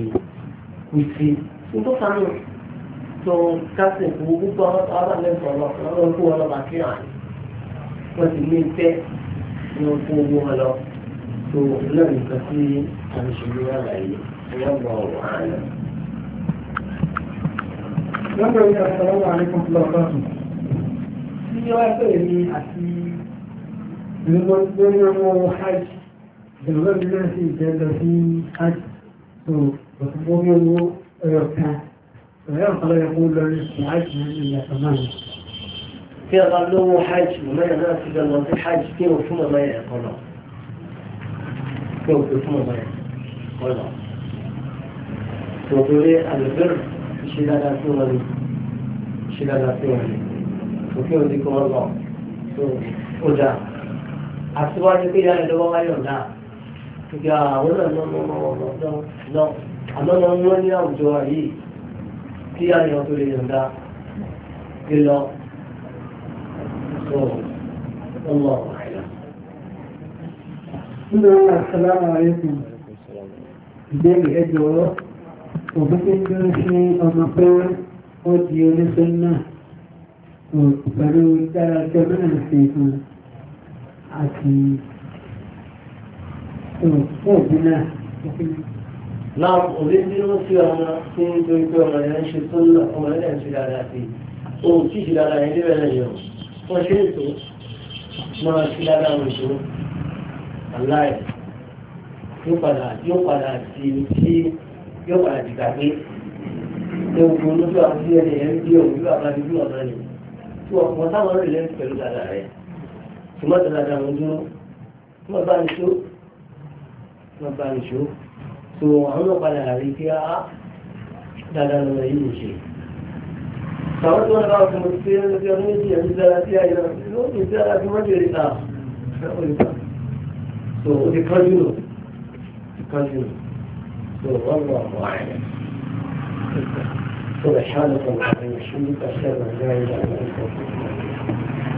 kú sí ní tó sàmì tó kásì kú gbogbo àwọn tó lẹ́yìn sọ̀rọ̀ ọlọ́run tó náà nǹkan tí a ń ṣe ní àlàyé ẹ̀yà ọ̀gbà ọ̀rọ̀ ààrẹ. lọ́dọ̀ ní àṣàlọ́wọ́ àríkún fún ọ̀gá tù tí ó wáá bẹ̀rẹ̀ ní àti lórí ọmọ hajj ìjọba mi náà sì jẹ́ lọ sí hajj tó òṣùpọ̀ mi owó ẹ̀rọ kan ẹ̀rọ kan lọ́yẹ̀ kó lọ sí hajj ní ìyàtọ̀ náà tí a bá lówó hajj mọ̀ mẹ́rin náà ti jẹ́ lọ sí hajj tí òfin mọ̀ mẹ́rin ẹ̀kọ́ náà kí o pè fún ọmọ yẹn ọ̀nà tòkòrè àlùbẹ́rù ṣe dáadáa sí wọn ni ṣe dáadáa sí wọn ni òkè òdi kọ́ ọ lọ tó o dà àtiwájú pé ìyá rẹ̀ lọ́wọ́ wáyọ̀ náà ìgbà àwọn náà lọ́wọ́ lọ́wọ́ lọ́wọ́ àmọ́ náà wọ́n ní àwùjọ yìí kí àyàn tó lè yọ̀ǹda gbé lọ. Oh, Allah. Nínú àṣàlámà àríkùn, ìbéèrè ẹjọ́ òbí tí ń dúró sí ọmọ pé ó di oníṣẹ́ náà pẹ̀lú dára jẹ́ mẹ́rin sí fún àti òbí náà. Náà òbí tí ó sí ọmọ tí ń dúró pé ọmọ rẹ̀ ń ṣe tó lọ ọmọ rẹ̀ ń dáadáa sí. Òun tí ìṣe dáadáa yẹn níbẹ̀rẹ̀ yẹn, wọ́n ṣe ètò, wọ́n ṣe dáadáa òṣèlú aláì yóò padà yóò padà di tí yóò padà di gbàgbé ẹ òkú olójú àti ẹni ẹ bí òun yóò àbá dúdú ọ̀nà ni tí ọ̀pọ̀ táwọn rẹ̀ lẹ́nu pẹ̀lú dada rẹ̀ tòmátì dada wọn dúró tí wọ́n bá ní ṣó tí wọ́n bá ní ṣó tó àwọn náà padà rí kí á ah, ah, dada lọ́nà yìí ń ṣe tí wọ́n bá wọn fún mi pé ẹni ọdún méjì ẹni dára sí àyè náà ló ń dára sí mọ́tò ìrìnà olùkọ́ tó o ti kánjú nù ti kánjú nù tó o wọ́n lọ àwọn àyẹ̀ tó o lè ṣáà lọ́kọ̀ọ́ àwọn ìṣúná ìgbà sẹ́wọ̀n ní ayé àwọn ìṣòro.